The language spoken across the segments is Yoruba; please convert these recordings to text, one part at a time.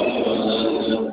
أشهد أن لا إله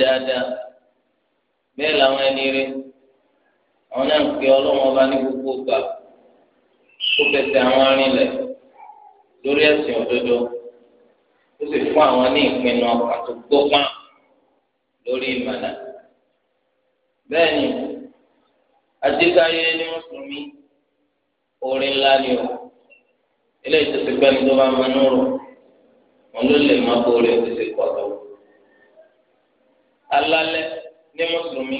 dáadáa bẹ́ẹ̀ làwọn ẹni rí àwọn náà ń pe ọlọ́wọ́n ọba ní gbogbo gbà kó fẹsẹ̀ àwọn arìnlẹ̀ lórí ẹ̀sìn òdodo ó sì fún àwọn ní ìpinnu lórí o eléyìí tó ti gbẹ́ni tó bá mọ inú alálẹ̀ ní mùsùlùmí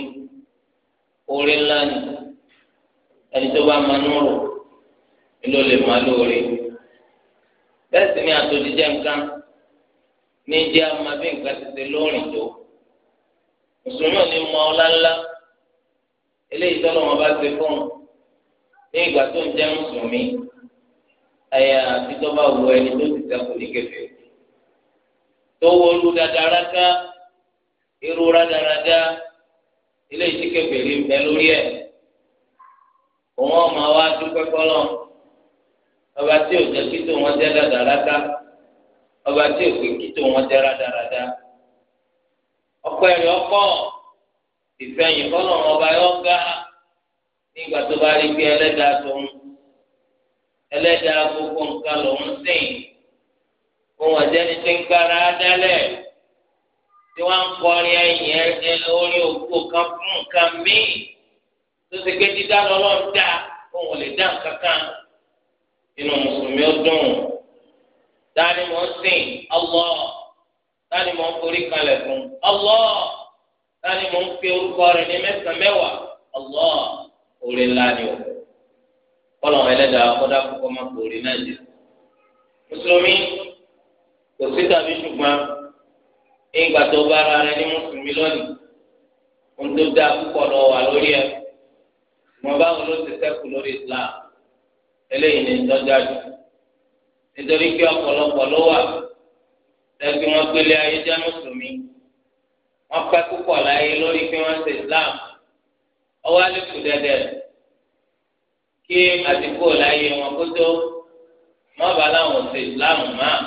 orí ńlá ni ẹni tó bá máa nùrù ló lè máa lóore bẹ́ẹ̀ sì ni àtòjíjẹ́ nǹkan ní jẹ́ amábí nǹkan ti ṣe lóòrìn tó mùsùlùmí ò ní mọ ọlá ńlá eléyìí tọ́lọ́ wọn bá ṣe fún un ní ìgbà tó ń jẹ́ mùsùlùmí ẹ̀yà àti tó bá wù ẹni tó ti sẹ́kù ní kẹfẹ́ tó wọlú dáadáa rárá. Iru rádaràdá ilé ile isike bẹ lórí ẹ̀ òun ọmọ wa dúpẹ́ kọ́lọ́ ọba tí ò kito kí tó wọn ọba tí ò pé kí wọn jẹ́ rádaràdá ọ̀pọ̀ ẹ̀rí ọkọ̀ ọba yọ gá nígbà tó bá rí pé ẹlẹ́dàá tó ń gbogbo nǹkan lòún sìn òun tí wọ́n ń kọrin ẹ̀yìn ẹ orin òkú kan fún nǹkan míì tó ti gbé dídá lọ́lọ́run dá òun lè dá nǹkan kan inú mùsùlùmí ó dùn dání mò ń sìn ọlọ́ dání mò ń forí kalẹ̀ fún ọlọ́ dání mò ń pe orúkọ rẹ̀ ní mẹ́sàn-án mẹ́wàá ọlọ́ orin ńlá ni o kọlọ́n ẹlẹ́dàá kọ́dá kọ́kọ́ máa kórè náà jẹ mùsùlùmí kò sí tàbí ṣùgbọ́n ìgbà tó bá ara rẹ ní mùsùlùmí lónìí ohun tó dáa púpọ̀ lọ wà lórí ẹ mọ báwo ló ti sẹ́kù lórí Islam eléyìí ní ìtọ́jà jù nítorí pé ọ̀pọ̀lọpọ̀ ló wà lẹ́gbẹ̀ẹ́ wọn gbélé ayé jẹ́ mùsùlùmí wọn pẹ́ púpọ̀ láyé lórí pé wọ́n ṣe Islam ọwọ́ á lè kù dẹ́dẹ́ kí àdìgbò láyé wọn kó tó mọ́ba láwọn ṣe Islam máa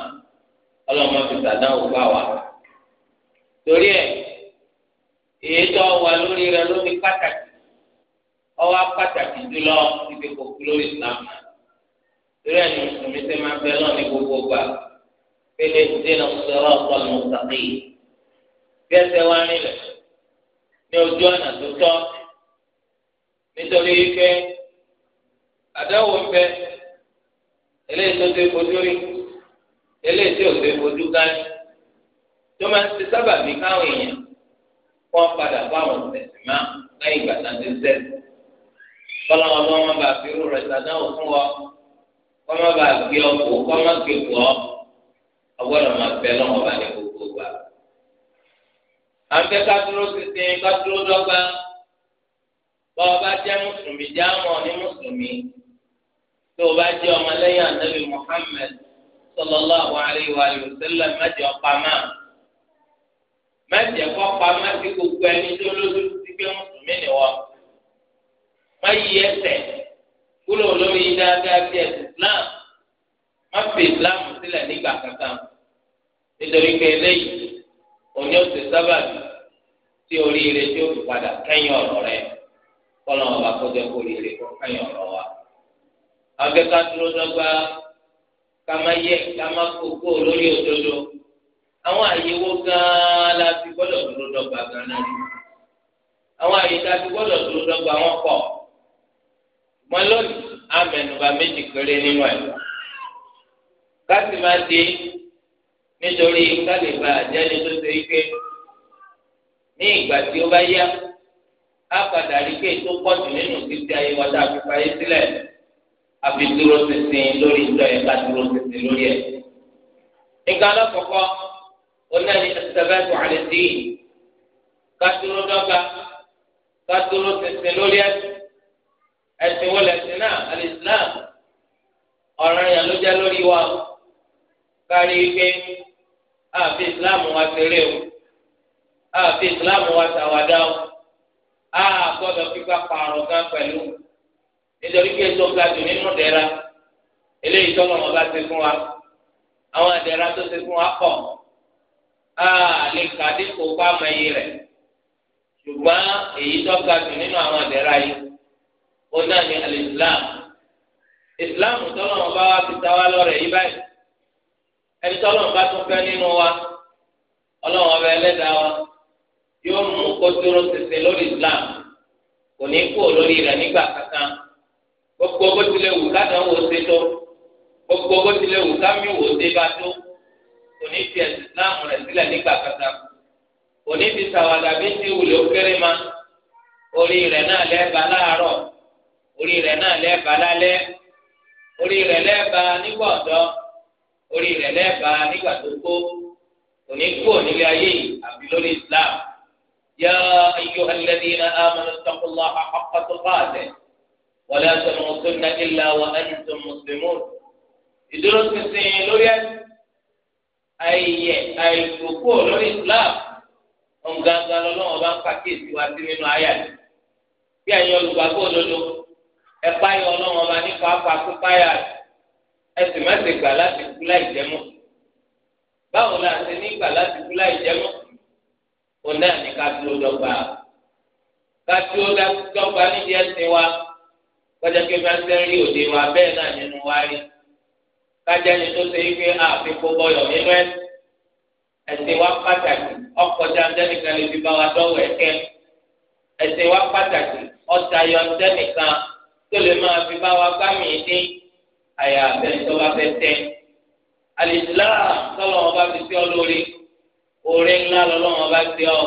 ọlọ́mọ fi sàdánwó bá wa. torí ẹ èyítọ́ wà lórí rẹ lórí pàtàkì ọwọ́ pàtàkì jùlọ ibi kò lórí islam torí ẹ ní mùsùlùmí ṣe máa bẹ lọ́ọ̀ ní gbogbo gbà pélé ìdènà sọ̀rọ̀ ọ̀pọ̀lọpọ̀ mùsàkì bí ẹsẹ̀ wá ní ojú ọ̀nà tó tọ́ nítorí àdáwò ń bẹ eléyìí tó máa ń ṣe sábà bí káwọn èèyàn wọn padà bá àwọn tẹsí máa lẹ́yìn ìgbà tá a ti sẹ kọlọ wọn bá wọn bá fi irú rẹ̀ sàdáwò fún wọn kọ má bàa gbé ọkọ kọ má gbé pọ ọgbọ́dọ̀ máa bẹ lọ́wọ́ bá ní gbogbo gbà. à ń bẹ ká dúró sísìn ká dúró dọ́gba bá ọ bá jẹ́ mùsùlùmí jẹ́ àmọ́ ní mùsùlùmí tó o bá jẹ́ ọmọlẹ́yìn ànábì Muhammad sallallahu alaihi wa sallam mẹ́jọ pamọ́ mẹsì ẹkọ pa mẹsì gbogbo ẹni tó lójú ti gbé mùsùlùmí ni wọn má yí ẹsẹ kúrò lórí dáadáa bí ẹsẹ islam má fi islam sílẹ̀ nígbà kankan nítorí pé eléyìí òní ọ̀sẹ̀ sábàbí tí oríire tí ó fi padà kẹ́yìn ọ̀rọ̀ rẹ kọlọ ọba kọjá kó oríire kó kẹ́yìn ọ̀rọ̀ wa akẹ́kọ̀ọ́ dúró dọ́gba ká má yẹ ká má kókó lórí òdodo àwọn àyẹ̀wò gan-an la fi gbọ́dọ̀ dúró dọ́gba gan-an rí àwọn àyè tá a fi gbọ́dọ̀ dúró dọ́gba wọn pọ̀ mọ lónìí amẹnuba méjì péré nínú ẹ̀ káàsì máa di nítorí kálíba àjẹni tó ṣe ike ní ìgbà tí ó bá yá á padà rí pé tó pọ̀jù nínú títí ayé wa tá a fi fayé sílẹ̀ àfi dúró ṣinṣin lórí ìjọ yẹn ká dúró ṣinṣin lórí ẹ̀. nǹkan alákọ̀ọ́kọ́ onáni asabatu alẹ dín kátóló dọ́gba kátóló tẹsẹ lórí ẹsẹ ẹsìn wọlé ẹsìn náà alìsílám ọ̀ràn yẹn ló jẹ lórí wa kárí pé àfi islam wa ṣeré o àfi islam wa ṣàwádà o a gbọ́dọ̀ fipá gan pẹ̀lú nítorí pé tó ga jù nínú dẹ̀ra eléyìí tọ́lọ̀ wọn bá ṣe wa àwọn àdẹ̀ra tó ṣe fún wa pọ̀ àlè kàdé kò bá mọ iye rẹ̀ ṣùgbọ́n èyí tó ga jù nínú àwọn àdẹ́rà yìí ó náà ní alìsílám ìsìlám tọ́lọ́mù bá wá fi ta wá lọ́rẹ̀ yìí báyìí ẹni tọ́lọ́mù bá tún fẹ́ nínú wa ọlọ́run ọba ẹlẹ́dàá wa yóò mú kó dúró tètè lórí islam kò ní kú lórí rẹ̀ nígbà kankan gbogbo bó tilẹ̀ wù ká náà wò ó ṣe tó gbogbo bó tilẹ̀ wù ká mi wò ṣe bá tó kò ní fi ẹ̀sìn Islam rẹ̀ sílẹ̀ nígbà kankan kò ní fi sàwádà bí ti wùlẹ̀ ó kéré ma orí rẹ̀ náà lẹ́ẹ̀bà láàárọ̀ orí rẹ̀ náà lẹ́ẹ̀bà lálẹ́ orí rẹ̀ lẹ́ẹ̀bà nígbà ọ̀dọ́ orí rẹ̀ lẹ́ẹ̀bà nígbà tó kó kò ní kú onílé ayé yìí àbí lórí Islam yá ayyuha alladhina amanu ittaqullaha haqqa tuqatihi wa la tamutunna illa wa antum muslimun ìdúró sísìn lórí ẹ̀sìn ayẹyẹ àìgbòkó lórí islam ọ̀ngangan lọ́wọ́ bá ń pàkíyèsí wa sí nínú ayà yìí bí ẹ̀yin olùgbàgbọ́ òdodo ẹ̀pá yọ ọlọ́wọ́ bá nípa apàkó páyà ẹ̀sìn mẹ́sẹ̀ gbà láti kú láì jẹ́mọ́ báwo la ṣe ní gbà láti kú láì jẹ́mọ́ òun náà ní ká dúró dọ́gba ká dúró dọ́gba nídìí ẹ̀sìn wa kọjá pé bá ń sẹ́rí òde wa bẹ́ẹ̀ náà nínú wa rí kájá ni tó ṣe wípé àfi gbogbo ọyọ nínú ẹ ẹsẹ wa pàtàkì ọkọjá ntẹnìkan lè fi bá wa dọwọ ẹkẹ ẹsẹ wa pàtàkì ọtayọ ntẹnìkan tó lè máa fi bá wa gbàmì ní àyà àbẹnitọba fẹsẹ alìsílá tọlọmọ bá fi sí ọ lórí orí ńlá lọlọmọ bá sí ọ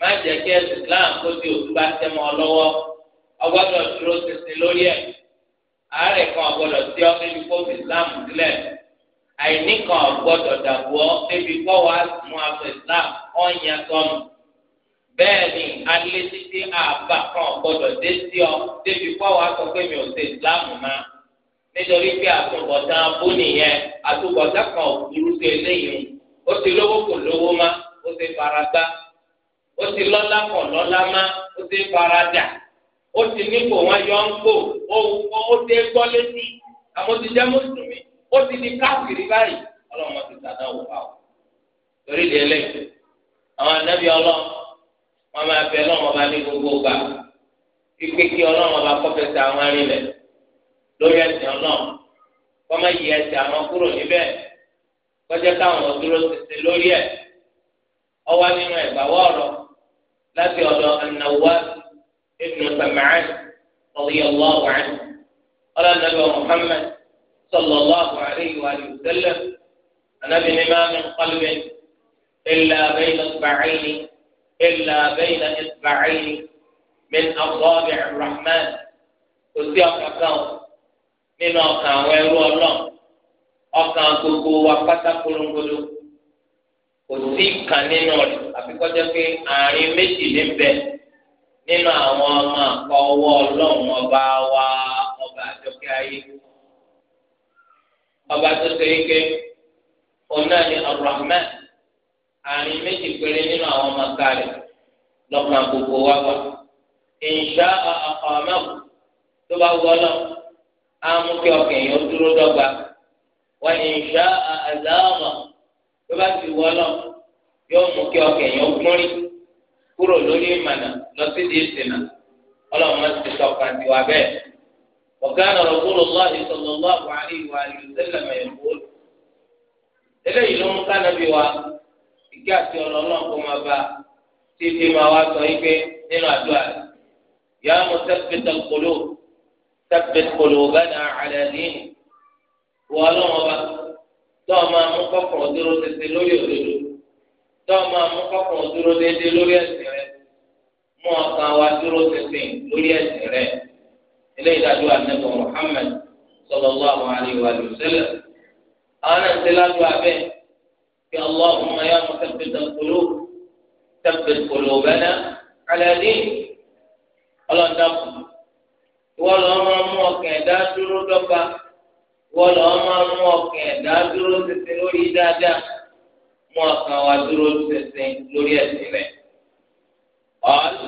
má jẹ kí ẹsẹ Islam kó di òtún bá tẹmọ ọ lọ́wọ́ ọgbọ́dọ̀ dúró ṣinṣin lórí ẹ àárẹ̀ kan ọ̀gbọ́dọ̀ tí ọ́ níbi kó fi islam sílẹ̀ àìní kan ọ̀gbọ́dọ̀ dàbò ọ́ níbi kó wà mú afọ islam ọ̀yàn sọnù bẹ́ẹ̀ ni alẹ́ títí àbá kan ọ̀gbọ́dọ̀ dé sí ọ níbi kó wà sọ pé mi ò ṣe islam ma nítorí pé àtúbọ̀tán abú nìyẹn àtúbọ̀tán kan òkúrú sí eléyìí ó ti lówó kò lówó má ó ti faragbá ó ti lọ́lá kò lọ́lá má ó ti faradà ó ti ní kò wọ́n yọ ń kó ó ó dé gbọ́ létí àmọ́ ti jẹ́ mùsùlùmí ó ti di káfíìrì báyìí ọlọ́run ti sàdán wò wá o torí ìdí ẹlẹ́yìn àwọn anábì ọlọ́run wọn máa bẹ ọlọ́run ọba ní gbogbo gbà pípé kí ọlọ́run ọba kọ́ fẹsẹ̀ àwọn arìnrìn lórí ẹsẹ̀ ọlọ́run kọ́ máa yí ẹsẹ̀ àwọn kúrò níbẹ̀ kọjá káwọn ọdúró tètè lórí ẹ̀ ọwọ́ nínú ẹ̀gbà wọ́ọ̀rọ̀ láti ọ̀dọ̀ ẹ̀nàwó ابن سمعان رضي الله عنه قال النبي محمد صلى الله عليه وآله وسلم أنا بما من قلب إلا بين إصبعين إلا بين إصبعين من أصابع الرحمن òsì ọkàn kan o nínú ọkàn àwọn ẹrú Ọlọ́run ọkàn gbogbo wa pátá polongodo òsì kan nínú rẹ̀ nínú àwọn ọmọ àkọwọ́ ọlọ́run ọba wa ọba àjọkẹ́ ayé ọba tó ṣe é ké ọ̀nà ni Ar-Rahman àárín méjì péré nínú àwọn ọmọ kárẹ̀ lọ́kàn gbogbo wa wà ìṣá àkọ́mẹ́kù tó bá wọlọ́ àmúkẹ́ ọkàn yìí ó dúró dọ́gba wà ìṣá àdáàmọ̀ tó bá ti wọlọ́ yóò mú kí ọkàn yìí ó kúnrin kúrò lórí ìmọ̀nà lọ sí di ìsìnà ọlọ́run ti sọ̀kan ti wà bẹ́ẹ̀. وكان رسول الله صلى الله عليه وآله وسلم يقول eléyìí ló mú kánàbí wa ìké àti ọ̀nà náà kó máa bá tí fi máa wá sọ yìí pé nínú àdúrà rẹ̀ yà á mú tẹ́pẹ̀tẹ̀ kolo tẹ́pẹ̀tẹ̀ kolo gánà àlẹ́ nínú wọ́n lọ́wọ́ bá tó o máa mú kọ́kọ́rọ́ dúró tètè lórí òdodo tọ́ máa mú kọ́kàn dúró déédéé lórí ẹ̀sìn rẹ mú ọkàn wa dúró tẹ̀sìn lórí ẹ̀sìn rẹ ilé ìdájọ́ àtẹ̀kọ̀ Muhammad sallallahu alaihi wa sallam àwọn náà ń tẹ́lá lu abẹ́ kí Allahumma ya muthabbit al-qulub thabbit qulubana ala dinik ọlọ́dàkùn ìwọ lọ́ọ́ máa mú ọkàn ẹ̀dá dúró dọ́gba ìwọ máa mú ọkàn ẹ̀dá dúró tẹ̀sìn lórí dáadáa mú ọkàn wa dúró ṣinṣin lórí ẹ̀sìn rẹ̀. ọ̀hún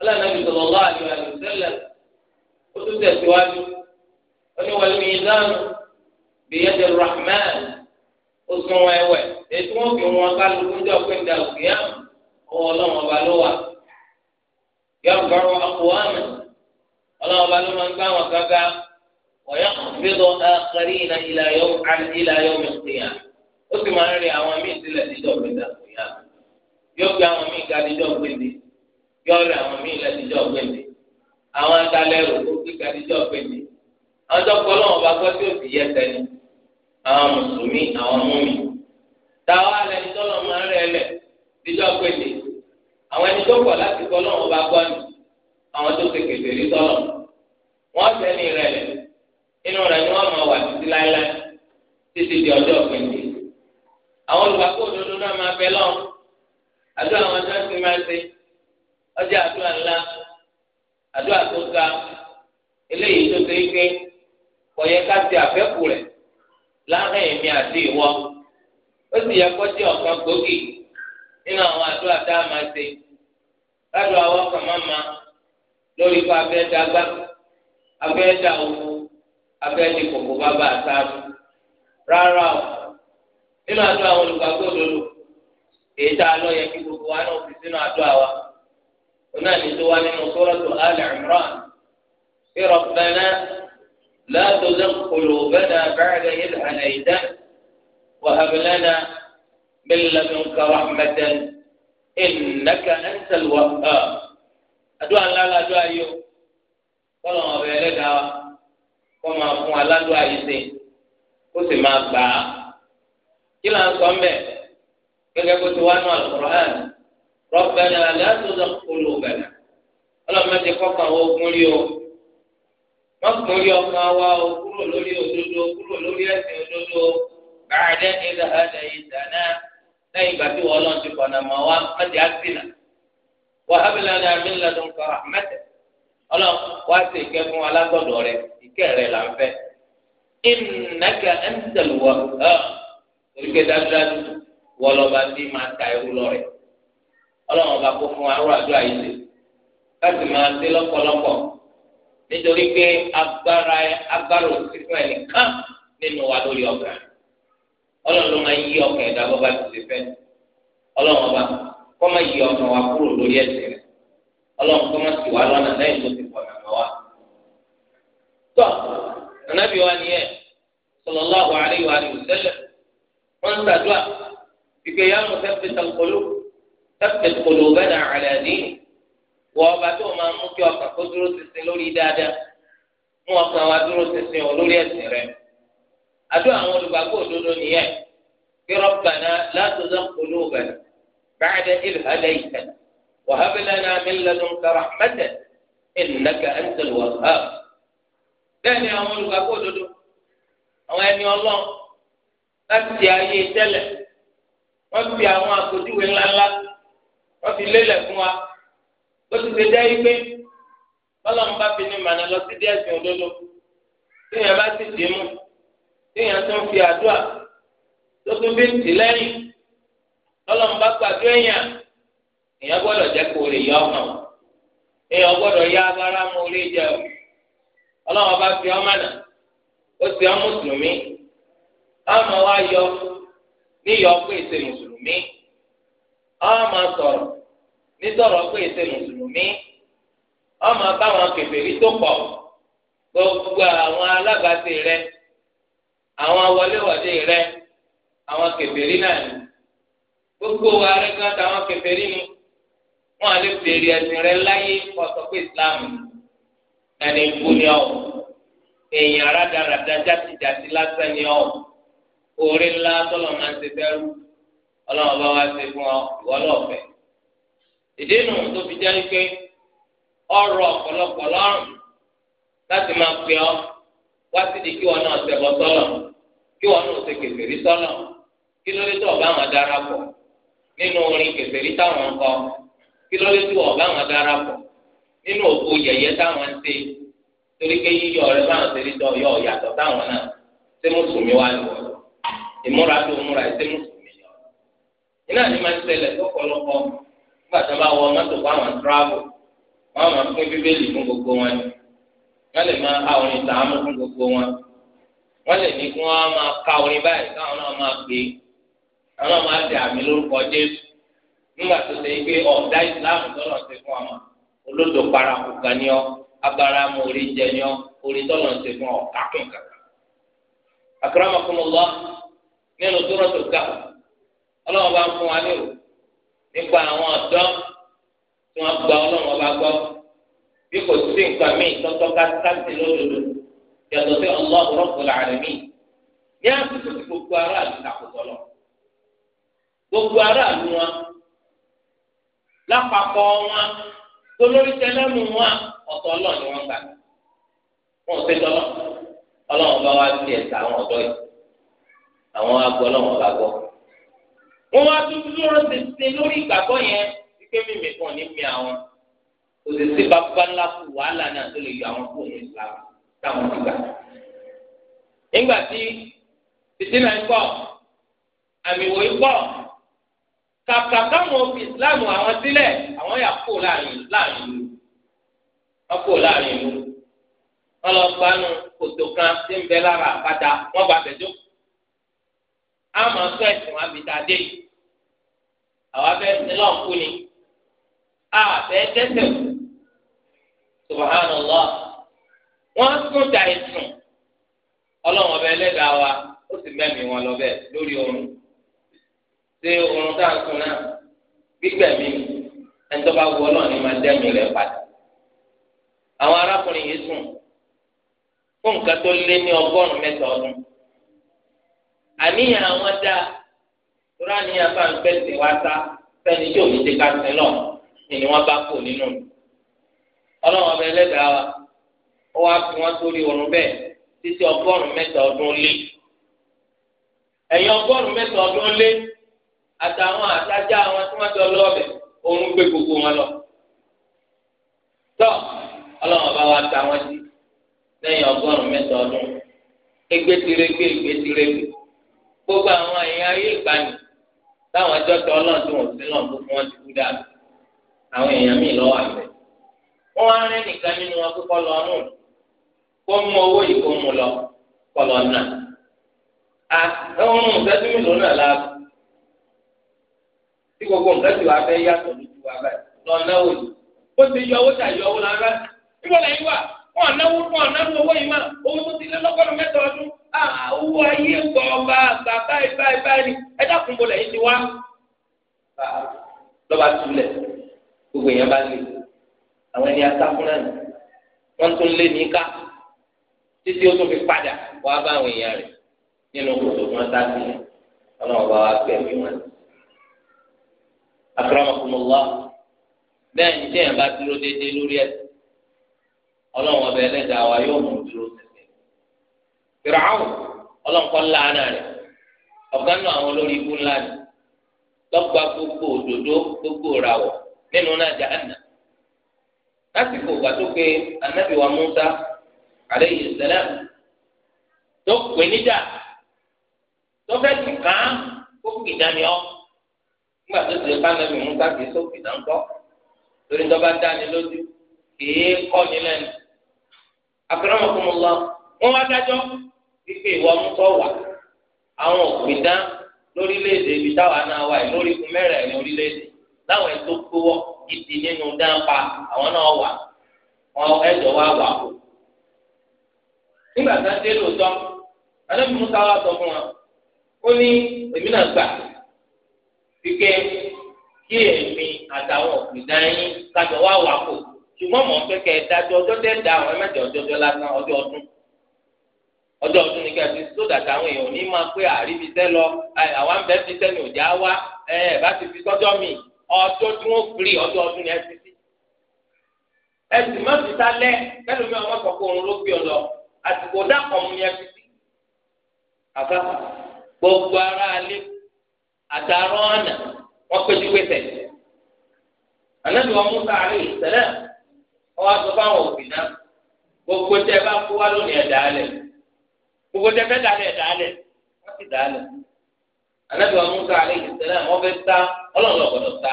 ọlọ́nàbí sọ̀rọ̀ àdìwà àdìsẹ́lẹ̀ ó tún tẹ̀síwájú oníwàlú ìdánù bìyẹ́dì rahman ó sún wọn ẹ̀wẹ̀ ètò wọn fi wọn kálukú ń jọ pé ń da òkèèyàn ọwọ́ ọlọ́wọ́n ọba ló wà. yọ̀ǹkọ̀rọ̀ àkùwámẹ̀ ọlọ́wọ́n ọba ló máa ń gbá wọn gágá wọ́n yọ̀ ó sì máa ń rin àwọn míì sílẹ̀ níjọ́ gbẹ̀dà kò yá yóò gbé àwọn míì ga níjọ́ gbẹ̀dẹ̀ yóò rin àwọn míì lẹ́ níjọ́ gbẹ̀dẹ̀ àwọn atalẹ́rù tó gbé ga níjọ́ gbẹ̀dẹ̀ àwọn tó kọ́ lọ́wọ́ bá gbọ́ tí ó yẹ sẹ́ni àwọn mùsùlùmí àwọn múmi táwa lẹni tó máa ń rẹ̀ lẹ̀ níjọ́ gbẹ̀dẹ̀ àwọn ẹni tó pọ̀ láti kọ́ lọ́wọ́ bá gbọ́ ni àwọn tó ṣe kèfè rí tọ́lọ̀ wọ́n sẹ́ni rẹ̀ lẹ̀ inú rẹ̀ ni wọ́n máa wà títí láéláé títí di ọjọ́ gbẹ̀dẹ̀ bẹ lọ àdúrà wọn tó ń sin máa ṣe ọjà àdúrà ńlá àdúrà tó ga eléyìí tó ṣe é pé kò yẹ ká ti àfẹ́kù rẹ̀ láàrin èmi àti ìwọ ó sì yẹ kó jẹ́ ọ̀kan gbòógì nínú àwọn àdúrà tá a máa ṣe ládùúgbò àwọn kan máa ma lórí ikú abẹ́ dàgbà abẹ́ dà owó èyí tá a lọ yẹ kí gbogbo wa náà fi sínú àdúrà wa oná ní tó wá nínú sọ́rọ́tò Al Imran kí Rabbana la tuzigh qulubana ba'da idh hadaytana wa hab lana min ladunka rahmatan innaka antal wahhab àdúrà ńlá ládùá o kọ́lọ̀ ọ̀bẹ ẹlẹ́dàá kọ́ máa fún aládùá yìí sí kó sì máa gbà á kí là sọ mbẹ́ẹ̀ gẹ́gẹ́ bó ti wá nù Al-Qur'an Rabbana la tuzigh qulubana ọlọ́mọ ti kọ́kọ́ àwọn ogun rí o wọ́n kún rí ọkàn wa o kúrò lórí òdodo kúrò lórí ẹ̀sìn òdodo ba'da idh hadaytana lẹ́yìn ìgbà tí wọ́n lọ́n ti kọ̀nà mọ́ wa mọ́tì àṣìnà wa hab lana min ladunka rahmatan ọlọ́run wá sí ìkẹ́ fún alágbọ̀dọ̀ rẹ ìkẹ́ rẹ là ń fẹ́ innaka antal wahhab torí pé dájúdájú wọlọba tí máa ta ẹrú lọ́rẹ Ọlọ́run ọba kó fún arú àdúrà yìí lè máa dé lọ́pọ̀lọpọ̀ nítorí pé agbára agbára òsínú ẹnìkan nínú wa lórí ọgá Ọlọ́run ló máa yí ọkàn ẹ̀dá ti ṣe fẹ́ Ọlọ́run ọba kó máa yí ọkàn wa kúrò lórí rẹ̀ Ọlọ́run máa sì wá lọ́nà ìgbé yà mú tẹ́pẹ̀tẹ̀ kọlù tẹ́pẹ̀tẹ̀ kọlù bẹ́ẹ̀ náà àlẹ́ ní wọ ọba tó máa mú kí ọkàn kó dúró ṣinṣin lórí dáadáa mú ọkàn wa dúró ṣinṣin o lórí ẹ̀sìn rẹ àdó àwọn olùgbàgbọ́ òdodo nìyẹn kí rọ́bànà látọ̀dọ̀ kọlù bẹ́ẹ̀ báyìí ilhàlẹ́ ìtẹ̀ wàhábìlẹ́nà mílẹ̀dùn kàrà mẹ́tẹ̀ ìnàkà ẹ̀ńtẹ̀lù wàháb bẹ́ẹ̀ ni àwọn olùgbàgbọ́ òdodo àwọn ẹni ọlọ́ láti wọ́n fi àwọn àpòjúwe ńláńlá wọ́n fi lélẹ̀ fún wa ó ti ṣe jẹ́ igbe ọlọ́run bá fi ní màná lọ sí díẹ̀ sí òdodo tíyẹn bá sì dé mú tíyẹn tó ń fi àdúrà tó tún fi ń tì lẹ́yìn ọlọ́run bá èèyàn gbọ́dọ̀ jẹ́ kó lè yọ èèyàn wa yọ. níyọ pé èsè mùsùlùmí ọmọ sọ̀rọ̀ nísọ̀rọ̀ pé èsè mùsùlùmí ọmọ báwọn kèfèrí tó pọ̀ gbogbo àwọn alábàáṣe rẹ àwọn wọléwọ̀de rẹ àwọn kèfèrí náà ni gbogbo wa rẹ gan táwọn kèfèrí ni wọn àlè fèrè ẹsìn rẹ láyé kọsọ pé islam ẹni gbóni ọ èèyàn rádaràdá jásìjásì lásán ni ọ. oore ńlá tọ́lọ̀ máa ń ṣe fẹ́rú ọlọ́run bá wá ṣe fún ọ ìwọ lọ́ọ̀fẹ́. ìdí tó fi jẹ́ pé ọrọ̀ ọ̀pọ̀lọpọ̀ lọ́rùn láti máa pè ọ́ wá sídìí kí wọn náà ṣẹbọ sọ́lọ̀ kí wọn náà ṣe kèfèrí sọ́lọ̀ kí ló dé tó ọ̀gá àwọn nínú orin táwọn kọ kí ló dé tó ọ̀gá àwọn darapọ̀ nínú òkú yẹ̀yẹ́ táwọn ṣe torí pé yíyọ rẹ máa ń ṣe ní yọ ìmúra tó múra ẹsẹ mùsùlùmí ni ọ̀nà iná ni máa ń ṣẹlẹ̀ lọ́pọ̀lọpọ̀ nígbà tó bá wọ mọ́tò fún àwọn tíráàbù wọ́n máa fún bíbélì fún gbogbo wọn ni lè máa ka orin fún gbogbo wọn lè ní kí máa ka orin báyìí káwọn náà máa gbé náà máa tẹ àmì lórúkọ Jésù agbára mu ṣe nínú sórọ́tò ká ọlọ́run bá ń fún wa nírò nípa àwọn ọ̀dọ́ tí wọ́n gba ọlọ́run ọba gbọ́ bí kò sí nǹkan míì tọ́tọ́ káṣí lódodo yàtọ̀ sí ọlọ́run Rabbul Alamin ní àtúntò tí gbogbo aráàlú takòtò lọ gbogbo aráàlú wọn lápapọ̀ wọn tolórí tẹlẹ́mù wọn ọ̀tọ̀ ọlọ́run ni wọ́n gbà wọn ò ṣe tọ́lọ́ ọlọ́run bá wá sí ẹ̀ta àwọn ọ̀dọ́ yìí àwọn agbọ lọ́wọ́ bá gbọ́. wọ́n wá tún dúró ṣèṣe lórí ìgbàgbọ́ yẹn wípé mímì kan ní mi àwọn òṣèṣe bàbá ńlá kù wàhálà náà tó lè yọ àwọn fóònù islam táwọn ti gbà. nígbà tí fìtínà ń bọ̀ àmì ìwò ń bọ̀ kàkà káwọn fi islam àwọn sílẹ̀ àwọn yà kó láàrin láàrin ìlú wọ́n kó láàrin ìlú wọ́n lọ gbanú kòtò kan tí ń bẹ lára àpáta wọ́n bá bẹ̀ jókòó á máa sọ ẹ̀sìn wọn àbí dáadé yìí àwa fẹ́ sílọ̀ kú ni a fẹ́ tẹ́sẹ̀ kú subhanallah wọ́n tún da ẹ̀sùn ọlọ́run ọba ẹlẹ́dàá wa ó sì mẹ́mí wọn lọ bẹ́ẹ̀ lórí oorun ṣé oorun tá a sùn náà gbígbẹ̀mí ẹni tó bá wọ ọlọ́run ni máa dẹ́mi rẹ̀ padà àwọn arákùnrin yìí sùn fún nǹkan tó lé ní ọgọ́rùn-ún ọdún àníyàn àwọn dá tóra níyàn bá ń fẹsẹ̀ wá sá sẹ́ni tí òní ti ká sí lọ ni wọ́n bá kó nínú ọlọ́wọ́n ọbẹ̀ ẹlẹ́dàá wa ó wá fi wọ́n sórí oorun bẹ́ẹ̀ títí ọgọ́rùn-ún mẹ́ta ọdún lé ẹ̀yìn ọgọ́rùn-ún mẹ́ta ọdún lé àtàwọn àtajà àwọn tí wọ́n jọ lọ́ọ̀bẹ̀ oorun gbé gbogbo wọn lọ tọ́ ọlọ́wọ́n bá wa ta wọn sí lẹ́yìn ọgọ́rùn-ún mẹ́ta ọdún egbe ti regbe egbe ti regbe ayé ìgbani táwọn ẹjọ́ tó ọlọ́run tó wọ́n sí lọ́n tó fún wọn ti kú dáa àwọn èèyàn míì lọ́wọ́ àbẹ̀. wọ́n á rẹ́ nìkan nínú wọn pé kọ́ lọ kó mú owó lọ kọ́ lọ nà. mi lò wọn náwó wọn náwó owó yìí máa owó tó ti lé lọ́gọ́rùn mẹ́ta ọdún owó ayé gbọ́ ọba àgbà báyìí báyìí báyìí ẹ dákun bọ̀ lẹ́yìn ti wá. lọ́ba túlẹ̀ gbogbo èèyàn bá lè àwọn ẹni asáfúnná ni wọ́n tún lé ní ká títí ó tún fi padà wá bá àwọn èèyàn rẹ̀ nínú kòtò tí wọ́n sá sí yẹn ọlọ́run bá wá gbẹ̀mí wọn. àkàrà ọmọkùnrin bẹ́ẹ̀ ni ọlọ́run ọbẹ̀ ẹlẹ́dàá wa yóò mú dúró sẹ̀sẹ̀. fìràwù ọlọ́nkọ́ lánà rẹ̀ ọ̀gá nù àwọn olórí ikú ńlá ni lọ́gba gbogbo òdòdó gbogbo ràwọ̀ nínú náà jẹ́ àná. anábì wa Musa alayhi salam tó pè níjà tó fẹ́ tì kàn kó akramakumullah wọn wá dájọ́ wípé ìwà mọtò wà àwọn òpin dán lórílẹ̀èdè ibi táwa náà wà lórí ikú mẹ́rẹ̀ẹ̀rin orílẹ̀èdè láwọn ètò gbowó ìdí nínú dánpa àwọn náà wà wọn ẹjọ́ wá wà kó nígbà tá a dé lóòótọ́ anábì musa sọ fún wa ó ní èmi náà gbà wípé kí èmi àtàwọn dán yín kájọ wá wà kó. ṣùgbọ́n mọ̀ fẹ́ kẹ́ ẹ dájọ́ ọjọ́ tẹ́ da àwọn ẹ̀mẹ́jọ ọjọ́jọ́ lásán ọjọ́ ọdún ọjọ́ ọdún ni kẹfì sódà táwọn èèyàn ní máa pé àrífiṣẹ́ lọ àwọn àbẹ́ fiṣẹ́ ni òjá wá ẹ bá ti fi sọ́jọ́ mi ọjọ́ tí wọ́n firi ọjọ́ ọdún ni ẹ ti fi. ẹ sì má fi sálẹ̀ kẹlòmí ọmọ sọ̀kò òun ló gbé ọ lọ àsìkò dákọ̀ mu ni ẹ fi sí. àbá gbogbo ara alẹ́ àtàrọ̀ ọ̀nà wọ́n péjú pé tẹ̀lé. ànábì wa Musa alayhi salam ọwọ́ aṣọ fáwọn òbí náà gbogbo tẹ bá kú wá lónìí gbogbo tẹ fẹ́ dà ẹ̀dá alẹ̀ ti dà alẹ̀ anabi wa musa aleyhi sẹlẹm wọ́n fẹ́ sá ọlọ́run ọ̀gbọ́dọ̀ sá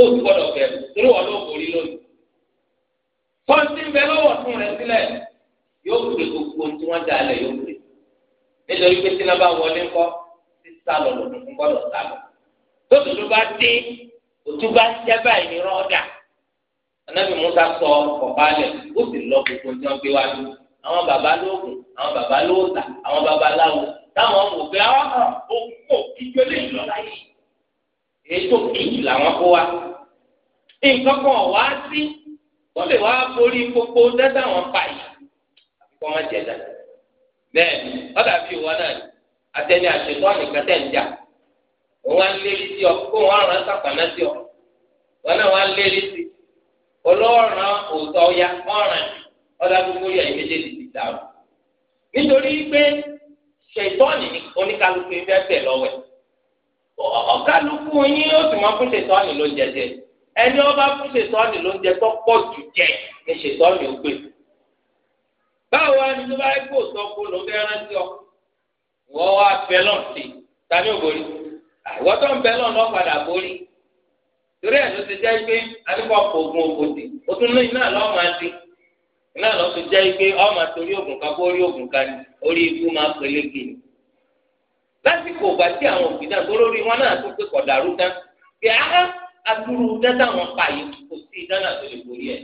ó ti torí wọn ń bẹ rẹ yóò gbogbo tí dà yóò nítorí pé bá wọlé ti lọ sá lọ tó bá dé òtún bá báyìí ní anabi musa sọ kọbalẹ ó sì lọ gbogbo tí wọn gbé wá lọ àwọn baba lóògùn àwọn baba lóòtà àwọn babaláwo táwọn wò pé àwọn ah, ah, òun kò kíjọ lè lọ láyé ètò kejì làwọn kó wa nǹkan kan wá sí ó lè wá borí gbogbo dẹ́sẹ̀ àwọn pa yìí àfi kọ́ má jẹ dáadáa bẹ́ẹ̀ ọ̀dà fi wọ́n náà àtẹni àṣetọ́ nìkan tẹ̀ ń jà òun á lérí sí ọ kó wọn rán sàpàná sí ọ wọn náà wọn á lérí sí ọlọ́ọ̀ràn òótọ́ ya ọ̀ràn ọ̀dà gbogbo yà méjèèjì ti dà o. nítorí pé ṣètọ́ọ̀nì oníkálukú ń fẹ́ tẹ̀ lọ́wẹ̀ ọ̀kálukú yín ó sì máa fún ṣètọ́ọ̀nì ló ń jẹjẹ ẹni ọba fún ṣètọ́ọ̀nì ló ń jẹ tó pọ̀ jù jẹ ní ṣètọ́ọ̀nì ó gbé. báwo wá tó bá kó sọ kó ló fẹ́ rántí ọ wọ́n wá bẹ́lọ̀ sí tani ò borí àwọn tó ń bẹ́lọ̀ náà padà borí torí ẹ̀ ló ti jẹ́ pé adúgbò oògùn òkòtì o tún ní iná lọ́ máa ti iná lọ́ ti jẹ́ pé ọ́ torí oògùn kan bórí oògùn kan ní orí ikú máa peléke ni. lásìkò ìgbà tí àwọn òbí náà torórí wọn náà tún pé kọ̀dàrú dán pé áá adúrú dẹ́tà wọn pa yìí kò sí ìdáná tó lè borí ẹ̀